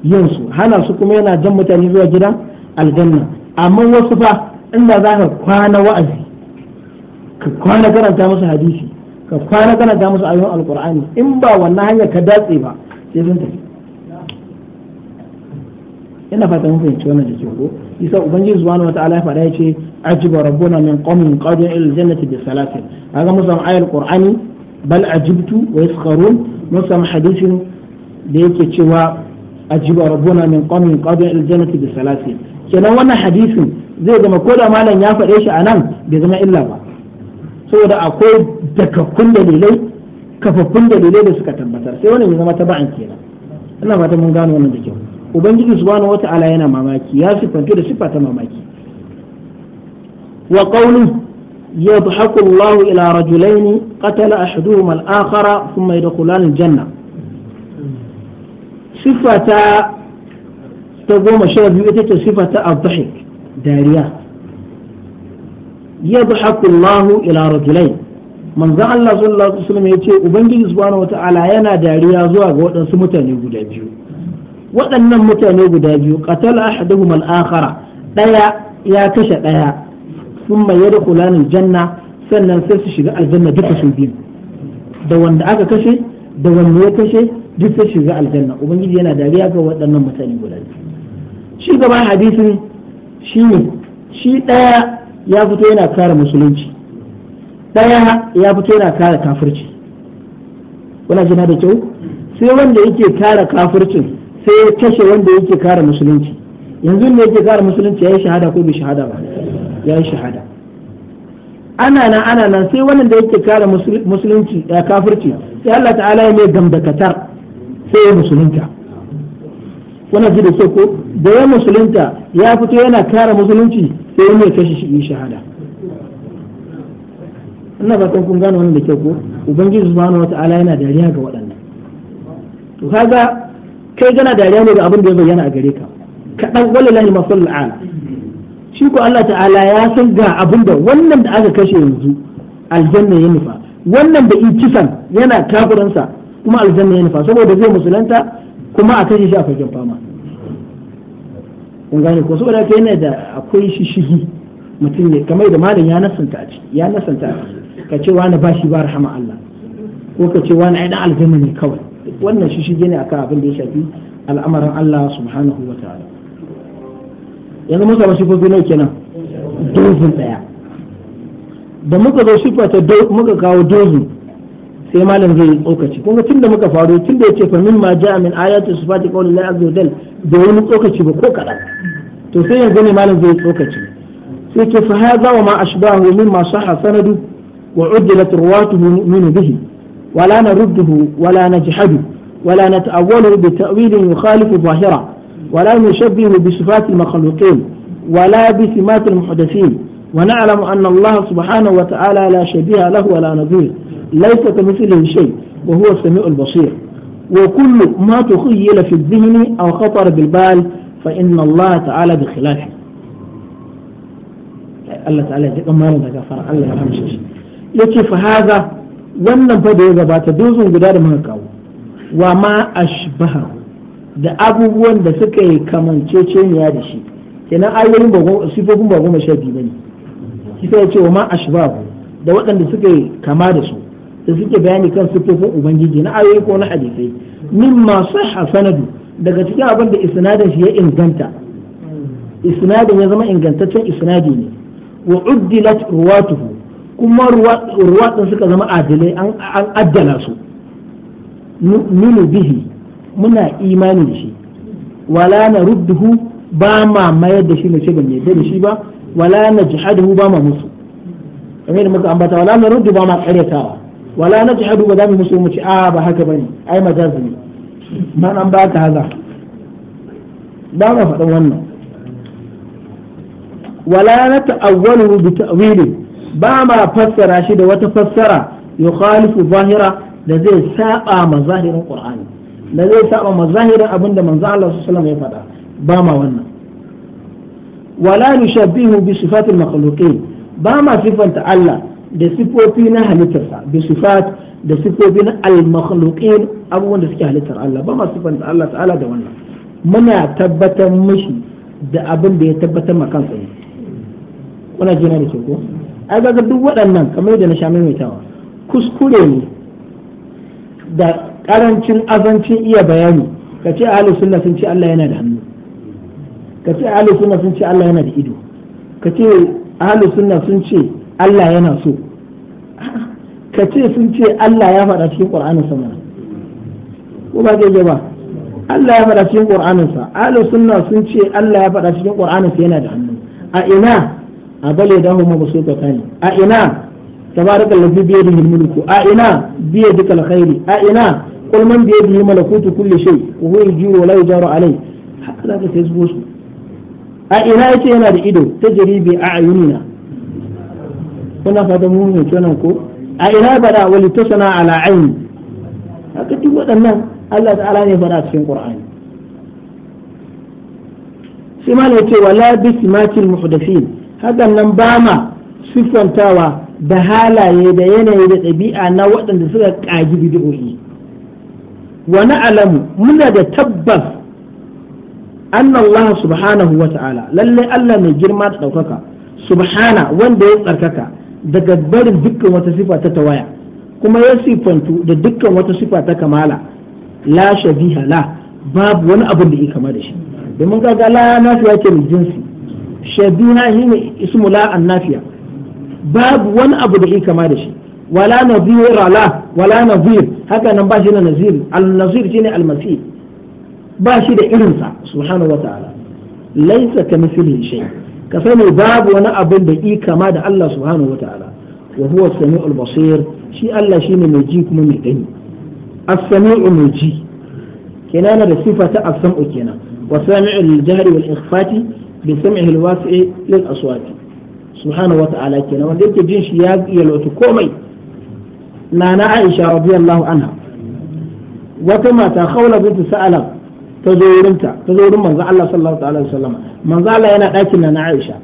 yin hana su kuma yana jan mutane zuwa gidan aljanna amma wasu fa inda za ka kwana wa'azi ka kwana karanta musu hadisi ka kwana karanta musu ayoyin alkur'ani in ba wannan hanya ka datse ba sai sun tafi ina fata mun fahimci wannan da ke ko isa ubangiji subhanahu wataala ya fada yace ajiba rabbuna min qawmin qadun ila aljannati bi salatin kaga mun samu ayatul qur'ani bal ajibtu wa yaskharun mun samu hadisin da yake cewa ajiba rabbuna min qawmin qadin aljannati bi salasin kenan wannan hadisin zai zama ko da malam ya faɗe shi anan bai zama illa ba saboda akwai dakakkun dalilai kafaffun dalilai da suka tabbatar sai wannan ya zama taba'an kenan ina fata mun gano wannan da kyau ubangiji subhanahu wata'ala yana mamaki ya sifantu da sifa ta mamaki wa qawluhu يضحك الله إلى رجلين قتل أحدهما الآخر ثم يدخلان الجنة siffa ta goma sha biyu ita ce siffa ta abdahik dariya yadhaku Allahu ila rajulain manzo Allah sallallahu alaihi wasallam yace ubangiji subhanahu wataala yana dariya zuwa ga waɗansu mutane guda biyu waɗannan mutane guda biyu qatala ahaduhum al-akhara daya ya kashe daya thumma yadkhulani al-janna sannan sai su shiga aljanna duka su biyu da wanda aka kashe da wanda ya kashe duk sai shiga aljanna ubangiji yana dariya ga waɗannan mutane guda shi gaban hadisin shi ne shi ɗaya ya fito yana kare musulunci ɗaya ya fito yana kare kafirci kuna jina da kyau sai wanda yake kare kafircin sai ya kashe wanda yake kare musulunci yanzu ne yake kare musulunci ya yi shahada ko bai shahada ba ya yi shahada ana nan ana nan sai wannan da yake kare musulunci ya eh, kafirci sai Allah ta'ala ya mai gamdakatar sai ya musulunta wannan ji da so ko da ya musulunta ya fito yana kare musulunci sai wani ya kashe shi shahada ina fatan kun gane wannan da kyau ko ubangiji subhanahu wata'ala yana dariya ga waɗannan to kaga kai gana dariya ne ga abin da ya bayyana a gare ka kaɗan walilahi masallu al shi ko Allah ta'ala ya san ga abin da wannan da aka kashe yanzu aljanna ya nufa wannan da in kisan yana kafiransa kuma aljanna ya nufa saboda zai musulunta kuma a kashe shi a fagen fama kun gane ko saboda ka yana da akwai shishigi mutum ne kamar da malam ya nasanta a ciki ya nasanta a ka ce wani ba shi ba rahama Allah ko ka ce wani ai dan aljanna ne kawai wannan shishigi ne akan abin da ya shafi al'amarin Allah subhanahu wa ta'ala yanzu mun ko zai nauke nan dozin daya da muka zo sifa ta muka kawo dozin sai malam zai tsokaci kuma tun da muka faru tun da ce fa mimma ja'a min ayati sifati qawli la azza da wani tsokaci ba ko kadan to sai yanzu ne malam zai tsokaci sai ke fa hadha wa ma ashbahu mimma sahha sanadu wa uddilat ruwatuhu min bihi ولا نرده ولا نجحده ولا نتأوله بتأويل يخالف ظاهرة ولا نشبه بصفات المخلوقين ولا بسمات المحدثين ونعلم أن الله سبحانه وتعالى لا شبيه له ولا نظير ليس كمثله شيء وهو السميع البصير وكل ما تخيل في الذهن أو خطر بالبال فإن الله تعالى بخلافه الله تعالى يتقم مالنا كفر الله يرحم يتي فهذا wannan fa da ya gabata dozin guda da muka kawo wa ma ashbaha da abubuwan da suka yi kamanceceniya da shi kenan ayoyin ba sifofin ba goma sha biyu bane kisa ya ce wa ma ashbahu da waɗanda suka yi kama da su da suke bayani kan sifofin ubangiji na ayoyi ko na hadisai mimma sahha sanadu daga cikin abin da isnadin shi ya inganta isnadin ya zama ingantaccen isnadi ne wa uddilat ruwatuhu kuma ruwatun suka zama adilai an addala su nunu bihi muna imani da shi wala na rudduhu ba ma mayar da shi mace ban yadda da shi ba wala na jihaduhu ba ma musu kamar da muka ambata wala na ruddu ba ma karyatawa wala na jihadu ba za mu musu mu ci a ah, ba haka bane ai majazi ne man an ka haza ba ma faɗin wannan wala na ta'awwalu bi ta'wili ba ma fassara shi da wata fassara yukhalifu zahira da zai saba ma zahirin qur'ani da zai saba ma zahirin abinda manzo Allah sallallahu alaihi wasallam ya faɗa ba ma wannan wala nushabbihu bi sifatil makhluqin ba ma sifanta Allah da sifofi na halittarsa da sifat da sifofi na almakhluqin abubuwan da suke halittar Allah ba masu sifanta Allah ta'ala da wannan muna tabbatar mishi da abin da ya tabbatar ma kansa ne kuna jina da ke ko ai ga duk waɗannan kamar da na sha maimaitawa kuskure ne da karancin azancin iya bayani ka ce ahlus sunna sun ce Allah yana da hannu ka ce ahlus sunna sun ce Allah yana da ido ka ce ahlus sunna sun ce Allah yana so ka ce sun ce Allah ya faɗa cikin ƙur'anin sa mana ko ba ke ba Allah ya faɗa cikin ƙur'anin sa ahlus sunna sun ce Allah ya faɗa cikin ƙur'anin sa yana da hannu a ina a bale dahu ma basu ka kani a ina tabarakallazi bi yadihi mulku a ina bi yadika alkhairi a ina man قل من بيده ملكوت كل شيء وهو يجير ولا يجار عليه هكذا تسبوس أئنا يتينا لإدو تجري بأعيننا kuna fata mun mai tunan ko a ina bada wali tusana ala aini haka duk waɗannan Allah ta'ala ne fada cikin Qur'ani sai ma ne ce wala bismatil muhdathin hakan nan ba ma sifantawa da halaye da yanayi da ɗabi'a na waɗanda suka ƙagi bidiyoyi wa na'lamu muna da tabbas anna Allah subhanahu wa ta'ala lalle Allah mai girma da ɗaukaka subhana wanda ya tsarkaka daga barin dukkan wata sifa ta tawaya kuma ya sifantu da dukkan wata sifa ta kamala la shabiha la babu wani abin da ya kama da shi domin kaga la nafiya ce min jinsi shabiha shine ismu la an nafiya babu wani abu da ya kama da shi wala nadhira la wala nazir haka nan ba shi na nazir al nazir shine al masih ba shi da irinsa subhanahu wa ta'ala laysa kamithlihi shay' ka sani babu wani abin da i kama da Allah subhanahu wataala wa huwa samiul basir shi Allah shi ne mai ji kuma mai gani as-sami'u mai ji kenan da sifa ta as-sam'u kenan wa sami'ul jahri wal ikhfati bi sam'ihi al-wasi'i lil aswati subhanahu wataala kenan wanda yake jin shi ya iya lauta komai nana Aisha radiyallahu anha wata mata khawla bint sa'alam ta zo wurin ta zo wurin manzo Allah sallallahu alaihi wasallam manzo Allah yana dakin na Aisha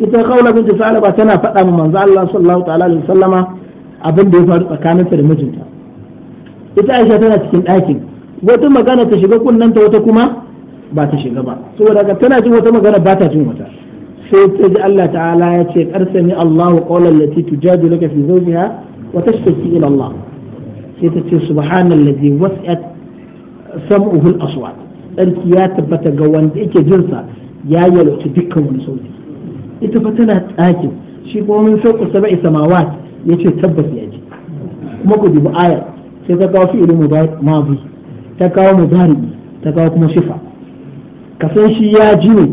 ita Khawla binti Salaba tana faɗa ma manzo Allah sallallahu alaihi wasallama abin da ya faru tsakaninta da mijinta ita Aisha tana cikin dakin wata magana ta shiga kunnanta wata kuma ba ta shiga ba saboda ka tana jin wata magana ba ta jin wata sai ta ji Allah ta'ala ya ce karsami Allahu qawlan lati tujadiluka fi zawjiha wa tashtaki ila Allah sai ta ce subhanallazi wasi'at sam'uhu al-aswat tsarki ya tabbata ga wanda yake jinsa ya yalwace dukkan wani sauti ita fa tana tsakin shi kuma min sauku saba'i samawat yace tabbas ya ji kuma ku dubi aya sai ta kawo fi'il mudari ta kawo mudari ta kawo kuma shifa ka san shi ya ji ne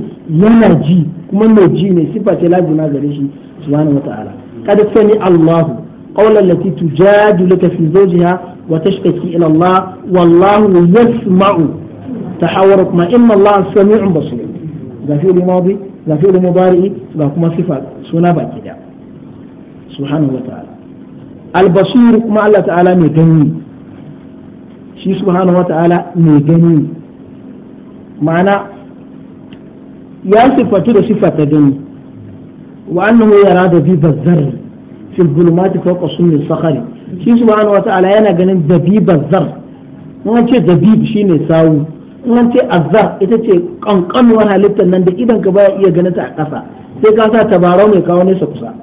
yana ji kuma mai ji ne sifa ce lazima gare shi subhanahu wata'ala kada sani Allahu qawlan lati tujadiluka fi zawjiha wa tashtaki ila Allah wallahu yasma'u tahawara kuma inna Allah sami'un basir ga fi'li madi ga fi'li kuma sifa suna baki da subhanahu wa ta'ala al-basir kuma shi subhanahu wa ta'ala mai gani ma'ana ya sifatu da sifa ta gani wa annahu yara da bi bazzar fil zulumati fawqa sunni sakhari shi subhanahu yana ganin dabib bazzar ce dabib shine sawu in an ce azzar ita ce kankanuwar halittar nan da idan ka baya iya ganin ta a ƙasa sai ka sa tabarau mai kawo nesa kusa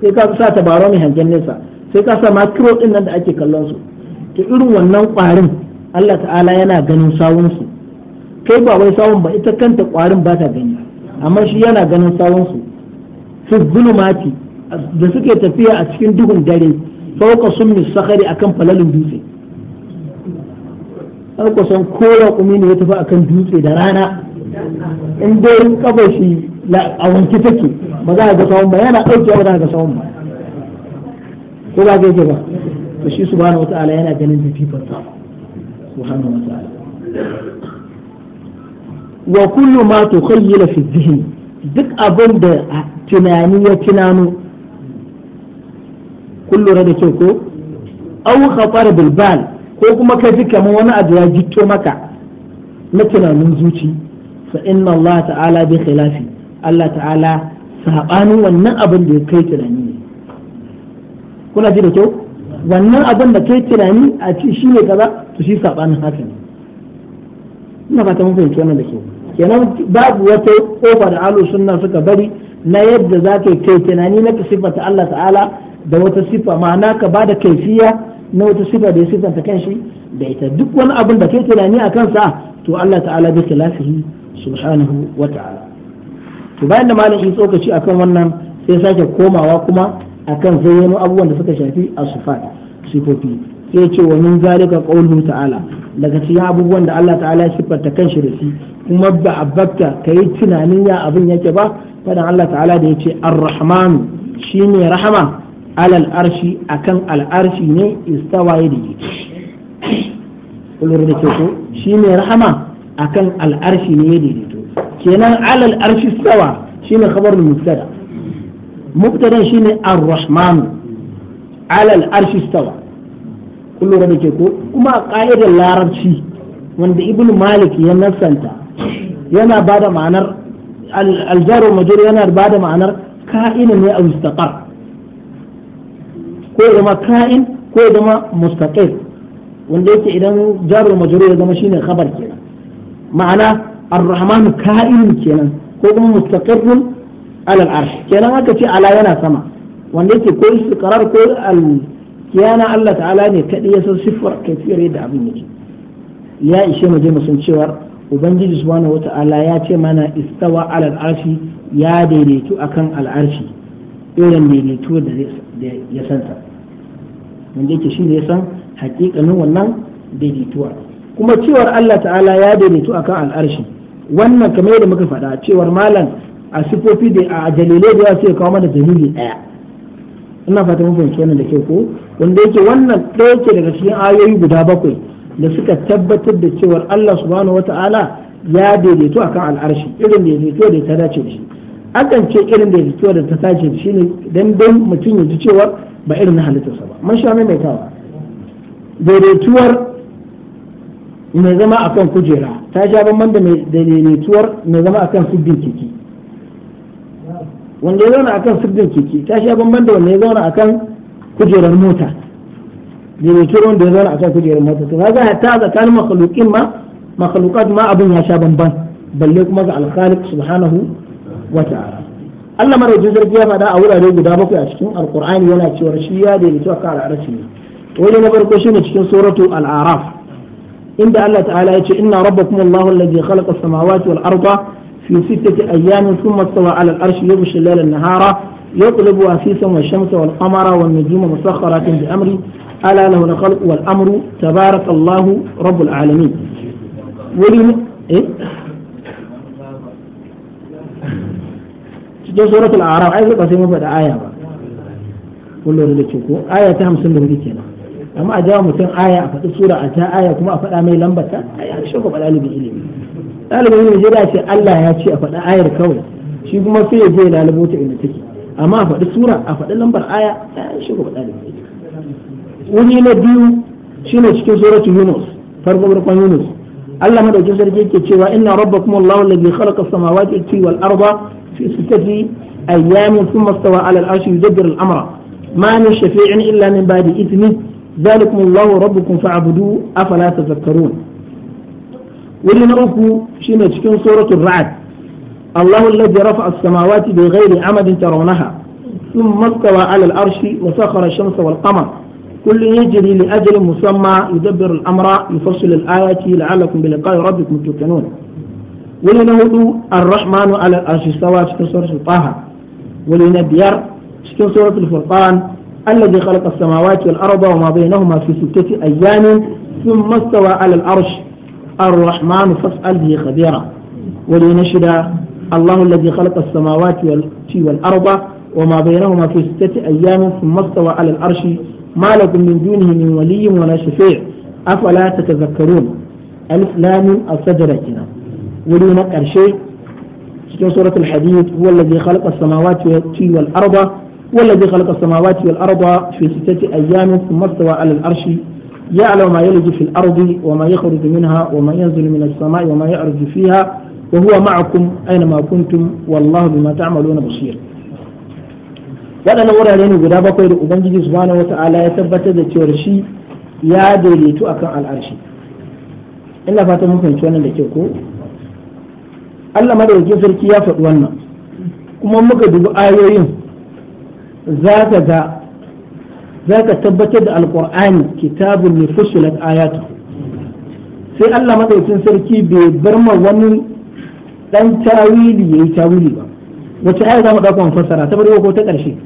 sai ka sa tabarau mai hangen nesa sai ka sa makiro din nan da ake kallon su ta irin wannan kwarin Allah ta'ala yana ganin sawun su kai ba wai sawun ba ita kanta kwarin ba ta gani amma shi yana ganin sawun su fi zulumati da suke tafiya a cikin duhun dare fauka summi sakari akan falalin dutse har kusan ko raƙumi ne ya tafi akan dutse da rana in dai kafa shi a wanke take ba za a ga sawun ba yana ɗauke ba za a ga sawun ba ko ba gaje ba to shi subhanahu wata'ala yana ganin fififar sa subhanahu wata'ala wa kullu ma tukhayyala fi dhihni duk abin da tunani ya tunano kullu da kyau ko aw khatar bil bal ko kuma ka ji kamar wani abu ya jitto maka na tunanin zuci fa inna Allah ta'ala bi khilafi Allah ta'ala sabanin wannan abin da kai tunani ne kuna ji da kyau wannan abin da kai tunani a ci shi ne kaza to shi sabanin haka ne ina fata mun fahimci wannan da kyau kenan babu wata kofa da alu sunna suka bari na yadda za ka kai tunani na ka siffata Allah ta'ala da wata sifa ma'ana ka ba da kaifiya na wata sifa da ya sifanta kanshi da ita duk wani abin da kai tunani a kansa to Allah ta'ala bi khilafihi subhanahu wa ta'ala to bayan da malam shi tsokaci akan wannan sai sake komawa kuma akan zayyano abubuwan da suka shafi asufat sifofi sai ce wa min zalika qawluhu ta'ala daga cikin abubuwan da Allah ta'ala ya sifanta kanshi da shi kuma ba abbaka kai tunanin ya abin yake ba fadan Allah ta'ala da yace ar-rahman shine rahama alal arshi akan al'arshi ne istawa ya dige kullum da ke ko shi ne rahama akan al'arshi ne ya daidaito kenan alal arshi istawa shine khabarul mubtada mubtada ne ar-rahman alal arshi istawa kullum da ke ko kuma a ƙa'idar larabci wanda ibnu malik ya nasanta yana bada ma'anar al aljaru majur yana bada ma'anar ka'ina ne a mustaqar. ko ya zama ka'in ko ya zama mustaqil wanda yake idan jarul majrur ya zama shine khabar kenan ma'ana ar-rahman ka'in kenan ko kuma mustaqirrun ala al-arsh kenan haka ce ala yana sama wanda yake ko istiqrar ko al-kiyana Allah ta'ala ne kadai ya san siffar kafiyar yadda abin yake ya ishe mu je mu san cewa ubangiji subhanahu wata'ala ya ce mana istawa ala al ya daidaitu akan al-arshi irin daidaito da ya santa wanda yake shi ne ya san hakikanin wannan daidaituwa kuma cewar Allah ta'ala ya daidaitu akan al'arshi wannan kamar yadda muka faɗa cewar malam a sifofi da a dalilai da yawa sai kawo mana dalili ɗaya ina fata mun fahimci wannan da ke ko wanda yake wannan ɗaya ke daga cikin ayoyi guda bakwai da suka tabbatar da cewar Allah subhanahu wata'ala ya daidaitu akan al'arshi irin daidaito da ta dace da shi akan ce irin daidaito da ta dace da shi ne dan mutum ya ji cewar ba irin na halittarsa ba man sha maimaitawa daidaituwar mai zama akan kujera ta sha bamban da daidaituwar mai zama akan sibbin kiki wanda ya zauna akan sibbin kiki ta sha bamban da wanda ya zauna akan kujerar mota daidaituwar wanda ya zauna akan kujerar mota to kaga ta tsakanin makhluqin ma makhluqat ma abin ya sha bamban balle kuma ga alkhaliq subhanahu wa ta'ala Allah maraukin sarki ya faɗa a wurare guda bakwai a cikin alkur'ani yana cewa shi ya daidaito a kan al'arshi ne wani na farko shine cikin suratu al'araf inda Allah ta'ala ya ce inna rabbakum allahu allazi khalaqa khalaka samawati wal arba fi sittati ayyamin sun istawa 'ala al-arshi yughshi al nahara ya nahara yatlubu hasisan wash-shamsa wal wa wan-nujuma musakhkharatin bi amri ala lahu khalqu wal-amru tabarakallahu rabbul alamin wani eh cikin suratul a'raf ai ba sai mun faɗa aya ba kullum da ke ko aya ta 54 kenan amma a jawo mutum aya a faɗi sura a ta aya kuma a faɗa mai lambar ta ai an shaka ɗalibin ilimi ɗalibin ilimi zai dace Allah ya ce a faɗa ayar kawai shi kuma sai ya je lalubo ta inda take amma a faɗi sura a faɗi lambar aya ai an shaka ɗalibin ilimi na biyu shine cikin suratul yunus farko farkon yunus Allah madaukin sarki yake cewa inna rabbakum Allahu alladhi khalaqa as-samawati wal arda في ستة أيام ثم استوى على العرش يدبر الأمر ما من شفيع إلا من بعد إثمه ذلكم الله ربكم فاعبدوه أفلا تذكرون ولنركو في تكون سورة الرعد الله الذي رفع السماوات بغير عمد ترونها ثم استوى على العرش وسخر الشمس والقمر كل يجري لأجل مسمى يدبر الأمر يفصل الآيات لعلكم بلقاء ربكم تكنون wuri na hudu ar-rahmanu ala arshi stawa cikin suratul taha wuri na biyar cikin suratul furqan alladhi khalaqa as-samawati wal arda wa ma bainahuma fi sittati ayyamin thumma stawa ala al-arsh ar-rahmanu fas'al bihi khabira wuri na shida الله الذي خلق السماوات والأرض وما بينهما في ستة أيام ثم استوى على العرش ما لكم من دونه من ولي ولا شفيع أفلا تتذكرون ألف لام السجرة كنا wuri na ƙarshe cikin suratul hadid wallazi khalaqa as-samawati wal arda wallazi khalaqa as-samawati wal arda fi sittati ayyamin thumma istawa 'ala al-arshi ma wa يعلم ما يلج في الأرض وما يخرج منها وما ينزل من السماء وما يعرج فيها وهو معكم أينما كنتم والله بما تعملون بصير wadannan wurare ne guda bakwai da ubangiji subhanahu wata'ala ya tabbatar da cewar shi ya daidaitu akan al'arshi ina fatan mun fahimci wannan da ke ko Allah madaukakin sarki ya faɗi wannan kuma muka dubi ayoyin za ka ga za ka tabbatar da alƙur'ani kitabun ne fusilat ayatu sai Allah madaukakin sarki bai bar ma wani dan tawili yayi tawili ba wace aya za mu dauka mu fassara ta bari ko ta karshe,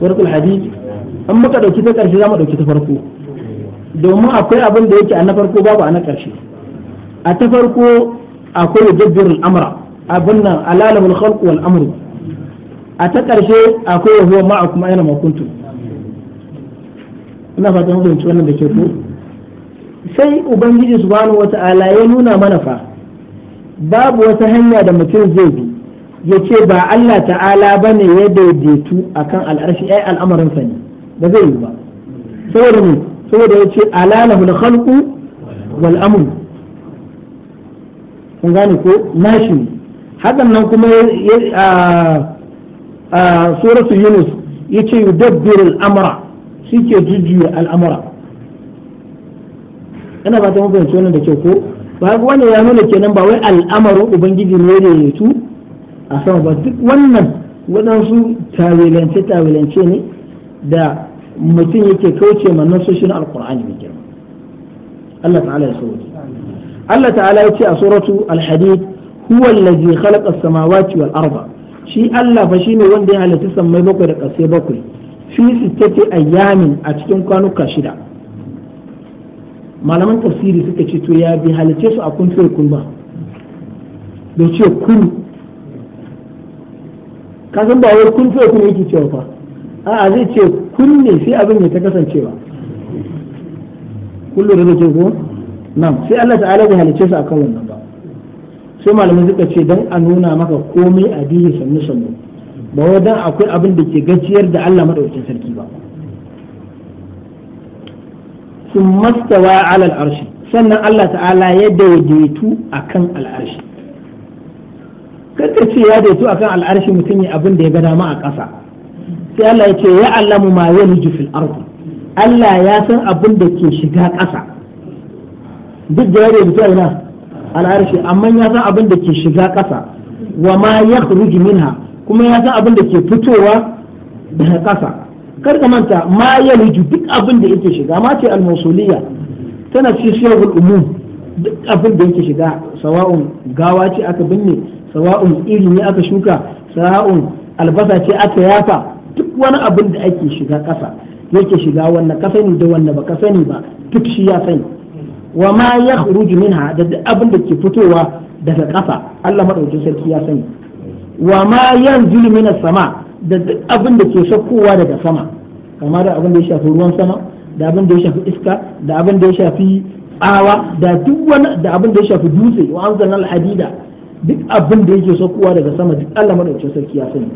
suratul hadid an muka dauki ta karshe za mu dauki ta farko domin akwai abin da yake a na farko babu a na karshe. a ta farko akwai yudabbiru amra abin nan alalabul khalq wal amru a ta ƙarshe akwai huwa ma'akum aina yana makuntu ina fata mun fahimci wannan da ke ko sai ubangiji subhanahu wata'ala ya nuna mana fa babu wata hanya da mutum zai bi ya ce ba Allah ta'ala ba ne ya daidaitu akan al'arshi ai al'amarin sa ne ba zai yi ba saboda ne saboda ya ce alalahul khalqu wal amru kun gane ko nashi hadan nan kuma a a suratu yunus yace ce al-amra shike ke jujjuya al'amara ina ba ta mu bayyana wannan da ke ko ba wani ya nuna kenan ba wai al'amarin ubangiji ne da ya tu a sama ba duk wannan waɗansu tawilance tawilance ne da mutum yake kauce ma nasoshin alkur'ani mai girma Allah ta'ala ya sauke Allah ta'ala ya ce a suratu al-hadid huwa allazi khalaqa as-samawati wal arda shi Allah fa shine wanda ya halitta sammai bakwai da ƙasai bakwai fi sittati ayyamin a cikin kwanuka shida malaman tafsiri suka ce to ya bi halice su a kun fi kun ba bai ce kun ka san ba wai kun fi kun yake cewa fa a'a zai ce kun ne sai abin ya ta kasancewa kullu da ke ko nan sai Allah ta'ala bai halicce su akan wannan ba sai malamai suka ce dan a nuna maka komai a bihi sannu sannu ba wai dan akwai abin da ke gajiyar da Allah madaukakin sarki ba sun mastawa alal arshi sannan Allah ta'ala ya daidaitu akan al'arshi kada ce ya daidaitu akan al'arshi mutum ya abin da ya ga dama a ƙasa sai Allah ya ce ya allamu ma yaliju fil ardi Allah ya san abin da ke shiga ƙasa duk da yare mutu ina al'arshi amma ya san abin da ke shiga ƙasa wa ma ya minha kuma ya san abin da ke fitowa daga ƙasa kar ka manta ma ya duk abin da yake shiga ma ce al musuliyya tana cikin shehul umum duk abin da yake shiga sawa'un gawa ce aka binne sawa'un iri ne aka shuka sawa'un albasa ce aka yafa duk wani abin da ake shiga ƙasa yake shiga wannan ka sani da wannan ba ka sani ba duk shi ya sani wa ma ya yakhruju minha da abin da ke fitowa daga ƙasa Allah madaukakin sarki ya sani wa ma yanzilu minas sama da abin da ke sakkowa daga sama kama da abin da ya shafi ruwan sama da abin da ya shafi iska da abin da ya shafi tsawa da duk wani da abin da ya shafi dutse wa anzalna hadida duk abin da yake sakkowa daga sama duk Allah madaukakin sarki ya sani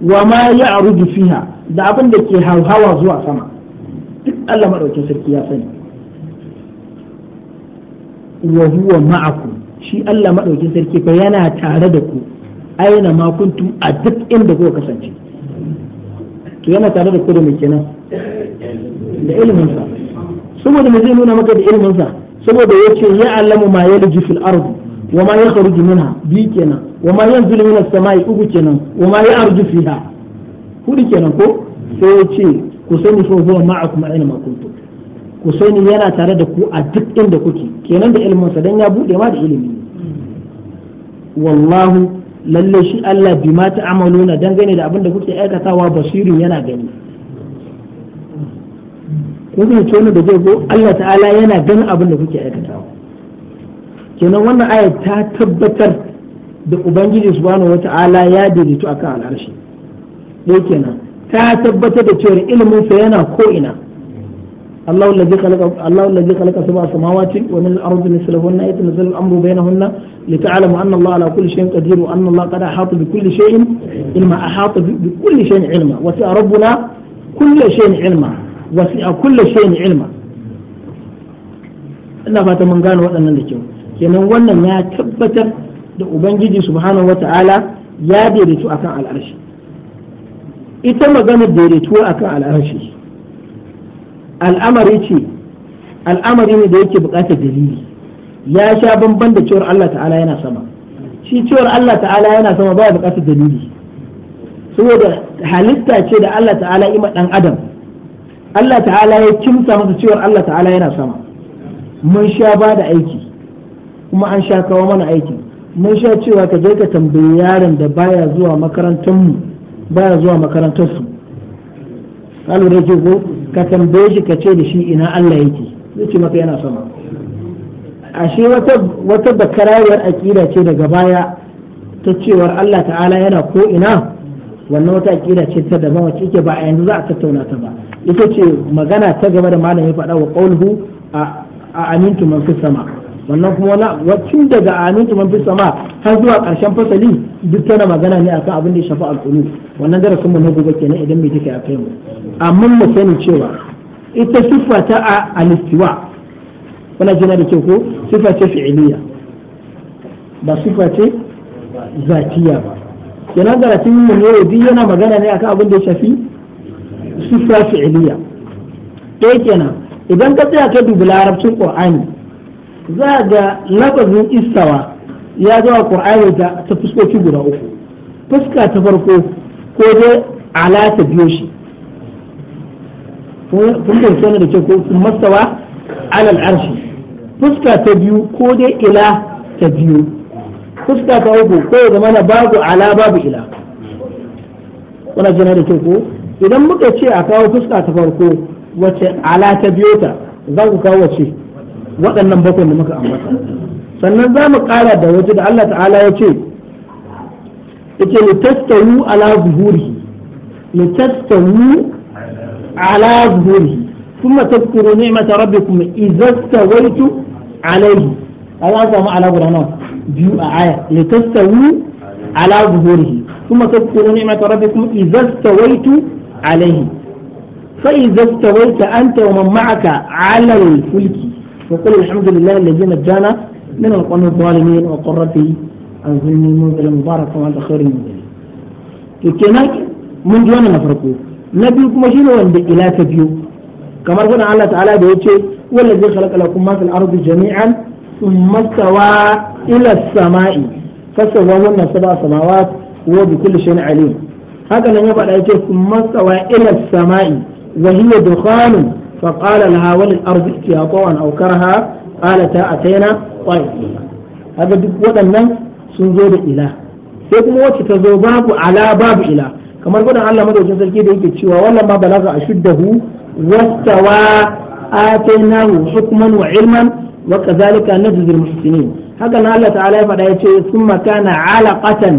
wa ma ya'rudu fiha da abin da ke hauhawa zuwa sama duk Allah madaukakin sarki ya sani wa huwa ma'akum shi Allah madaukin sarki fa yana tare da ku aina ma kuntum a duk inda kuka kasance to yana tare da ku da mai kenan da ilmin sa saboda me zai nuna maka da ilmin sa saboda yace ya alamu ma yalji fil ardi wa ma yakhruj minha bi kenan wa ma min as samai ubu kenan wa ma ya'ruju fiha hudi kenan ko sai yace ku sani fa huwa ma'akum aina ma kuntum ku sani yana tare da ku a duk inda kuke kenan da sa dan ya bude ma da ilimi wallahu lalle shi Allah bi ma ta'amaluna dangane da abin da kuke aikatawa basirin yana gani ku fahimci tono da zai go Allah ta'ala yana ganin abin da kuke aikatawa kenan wannan aya ta tabbatar da ubangiji subhanahu wata'ala ya daidaito akan al'arshi dai kenan ta tabbatar da cewa ilimin sa yana ko ina الله الذي خلق الله الذي خلق سبع سماوات ومن الارض مثلهن يتنزل الامر بينهن لتعلموا ان الله على كل شيء قدير وان الله قد احاط بكل شيء علما احاط بكل شيء علما وسع ربنا كل شيء علما وسع كل شيء علما ina fata mun gane waɗannan da kyau kenan wannan ya tabbatar da ubangiji subhanahu wata'ala ya daidaitu akan al'arshi ita maganar daidaituwa akan al'arshi al'amari ce al'amari ne da yake buƙatar dalili ya sha bamban da cewar Allah ta'ala yana sama shi cewar Allah ta'ala yana sama ba ya buƙatar dalili saboda halitta ce da Allah ta'ala ima dan adam Allah ta'ala ya kimsa masa cewar Allah ta'ala yana sama mun sha ba da aiki kuma an sha kawo mana aiki mun sha cewa ka je ka tambayi yaron da baya zuwa makarantar mu baya zuwa makarantar su kalu da ke ka tambaye shi ka ce da shi ina Allah yake zai ce maka yana sama ashe wata wata bakarawar aqida ce daga baya ta cewar Allah ta'ala yana ko ina wannan wata aƙida ce ta daban wacce yake ba a yanzu za a tattauna ta ba ita ce magana ta gaba da malam ya faɗa wa qawluhu a amintu man fi sama wannan kuma wani wacin daga amin man fi sama har zuwa karshen fasali duk tana magana ne akan abin da ya shafi alƙulu wannan darasin mu na gobe kenan idan bai take kai mu amma mu sani cewa ita siffa ta alistiwa wannan jina da ke ko siffa ce fi'iliya ba siffa ce zatiya ba kenan darasin mu ne yau yana magana ne akan abin da ya shafi siffa fi'iliya Ke kenan idan ka tsaya ka dubi larabcin qur'ani za ga lafazin istawa ya zama qur'ani da ta fuskoki guda uku fuska ta farko ko dai ala ta biyo shi kun da da ke ko masawa alal arshi fuska ta biyu ko dai ila ta biyu fuska ta uku ko da mana babu ala babu ila kuna jana da ke ko idan muka ce a kawo fuska ta farko wace ala ta biyo ta za ku kawo wace waɗannan bakwai da muka ambata sannan za mu ƙara da wata da Allah ta'ala ya ce ita yake litastawu ala zuhuri litastawu ala zuhuri kuma tadhkuru ni'mata rabbikum idza stawaytu alayhi Allah samu ala guda nawa biyu a aya litastawu ala zuhurihi kuma tadhkuru ni'mata rabbikum idza waitu alaihi fa idza stawayta anta wa man ma'aka ala al-fulki وقل الحمد لله الذي نجانا من القوم الظالمين وقرتي أنزلني منزلا مباركا وأنت خير المنزلين كيناك من جوانا نفرقو نبي كما شنو وند إلى تبيو كما قلنا الله تعالى بيوتي والذي خلق لكم ما في الأرض جميعا ثم استوى إلى السماء فسواهن سبع سماوات وهو بكل شيء عليم هكذا يبقى ثم استوى إلى السماء وهي دخان فقال لها وللأرض ائتيها طوعا أو كرها قالتا أتينا طائعين هذا duk waɗannan sun zo da ila sai kuma wacce ta zo babu ala babu ila kamar gudun Allah madaukin sarki da yake cewa wannan ma balaga ashuddahu wastawa atainahu hukman wa ilman wa na najzil muhsinin haka nan Allah ta'ala ya faɗa sun summa kana alaqatan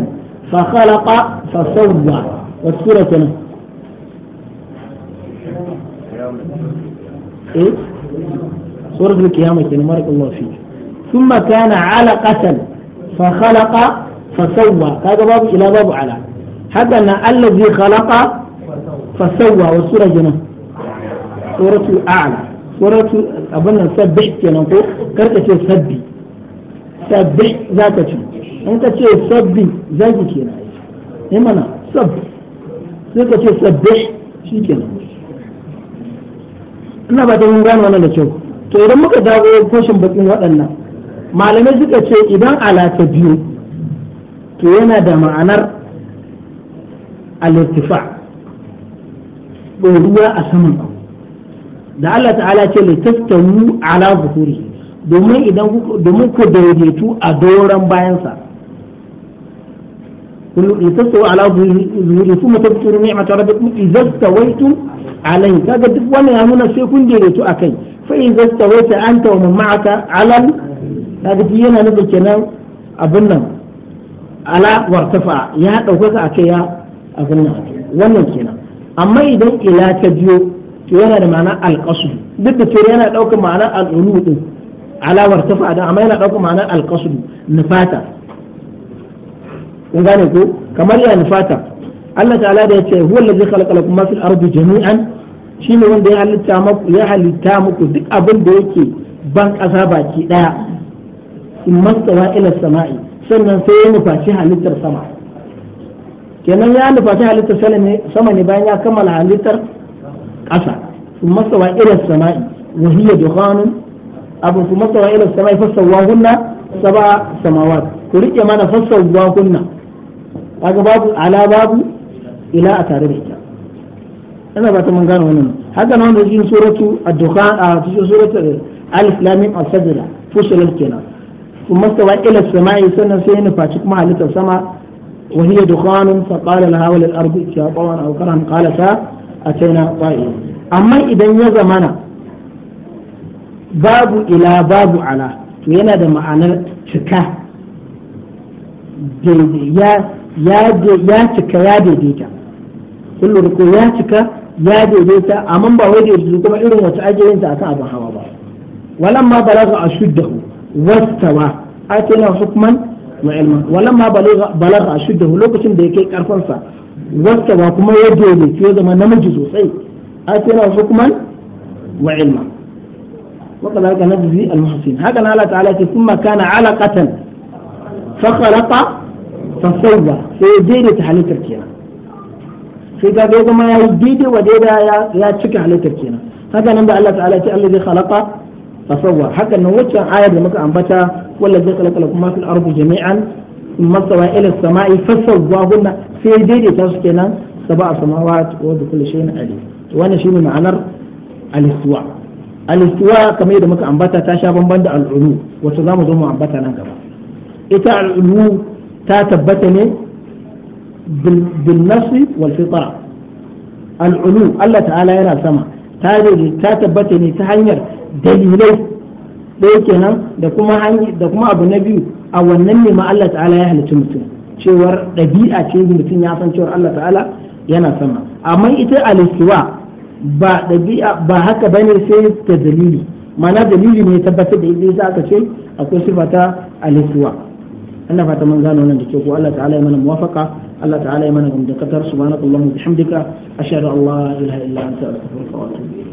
fa khalaqa fa eh suratul qiyamah kenan barakallahu fi thumma kana alaqatan fa khalaqa fa sawwa kaga babu ila babu ala haka nan allazi khalaqa fa sawwa wa sura jana suratul a'la suratul abin nan kenan ko karka ce sabbi sabbi zaka ce in ka ce zaki kenan imana sabbi ka ce ina ba ta gane wannan da kyau to idan muka dawo fashin bakin waɗannan malamai suka ce idan ala biyu to yana da ma'anar alertifa irtifa ɗoruwa a saman abu da Allah ta'ala ce li tastawu ala zuhuri domin idan domin ku daidaitu a doran bayansa kullu li tastawu ala zuhuri kuma tafsiru ni'mat rabbikum idza stawaytum alai kaga duk wannan ya nuna sai kun daidaito a kai fa in zasta wata anta wa ma'aka alal kaga duk yana nufin kenan abin nan ala wartafa ya ɗaukaka a kai ya abin nan wannan kenan amma idan ila ta biyo to yana da ma'ana alƙasu duk da cewa yana ɗaukar ma'ana al'ulu ɗin ala wartafa da amma yana ɗaukar ma'ana alƙasu nufata kun gane ko kamar ya nufata Allah ta'ala da ya ce huwa allazi khalaqa lakum ma fil ardi jami'an shine wanda ya halitta muku ya halitta muku duk abin da yake ban kasa baki daya in mastawa ila sama'i sannan sai ya nufaci halittar sama kenan ya nufaci halittar sama ne bayan ya kammala halittar ƙasa in mastawa ila sama'i wa hiya dukhanun abu kuma mastawa ila sama'i fasawahunna saba samawat ku rike mana fasawahunna kaga babu ala babu ila a tare da ita ina ba ta mun gane wannan haka nan da cikin suratu ad-dukhan a cikin suratu alif lam mim as-sajda fusilat kenan kuma stawa ila samai sannan sai ya nufaci kuma halittar sama wa hiya dukhanun fa qala laha wal ardi ya qawan aw karan qalata ataina qa'i amma idan ya zamana babu ila babu ala to yana da ma'anar cika ya cika ya daidaita sun lura ya cika ya daidaita amma ba wai daidaita kuma irin wacce ake yin ta akan abin hawa ba walan walamma balagha ashuddahu wastawa atina hukman wa ilma walamma balagha ashuddahu lokacin da yake karfin sa wastawa kuma ya daidaita ya zama namiji sosai atina hukman wa ilma وكذلك نجزي المحسنين هكذا الله تعالى ثم كان علقة فخلق فسوى سيدير تحليل تركيا sai ka ga ya yi daidai wa daidai ya cika halittar kenan haka nan da Allah ta'ala ce Allah zai khalaqa fasawwa haka nan waccan ayar da muka ambata wallazi khalaqa lakum ma fil ardi jami'an thumma sawa ila as-sama'i fasawwahunna sai daidaita su kenan a samawat wa bi kulli shay'in alim wannan shine ma'anar al-istiwa al-istiwa kamar yadda muka ambata ta sha bamban da al-ulu wacce zamu zo mu ambata nan gaba ita al-ulu ta tabbata ne بالنص والفطرة العلو الله تعالى يرى سما ta tabbata ne ta hanyar dalilai ɗaya kenan da kuma abu na biyu a wannan ne ma Allah ta'ala ya halicci mutum cewar dabi'a ce mutum ya san cewar Allah ta'ala yana sama amma ita alistiwa ba ɗabi'a ba haka bane sai da dalili mana dalili ne tabbata da ita aka ce akwai sifata alistiwa Allah fata mun gano nan da ke ko Allah ta'ala ya mana muwafaka الله تعالى يمنعكم بقدر سبحانك اللهم وبحمدك أشهد أن لا إله إلا أنت أستغفرك وأتوب إليك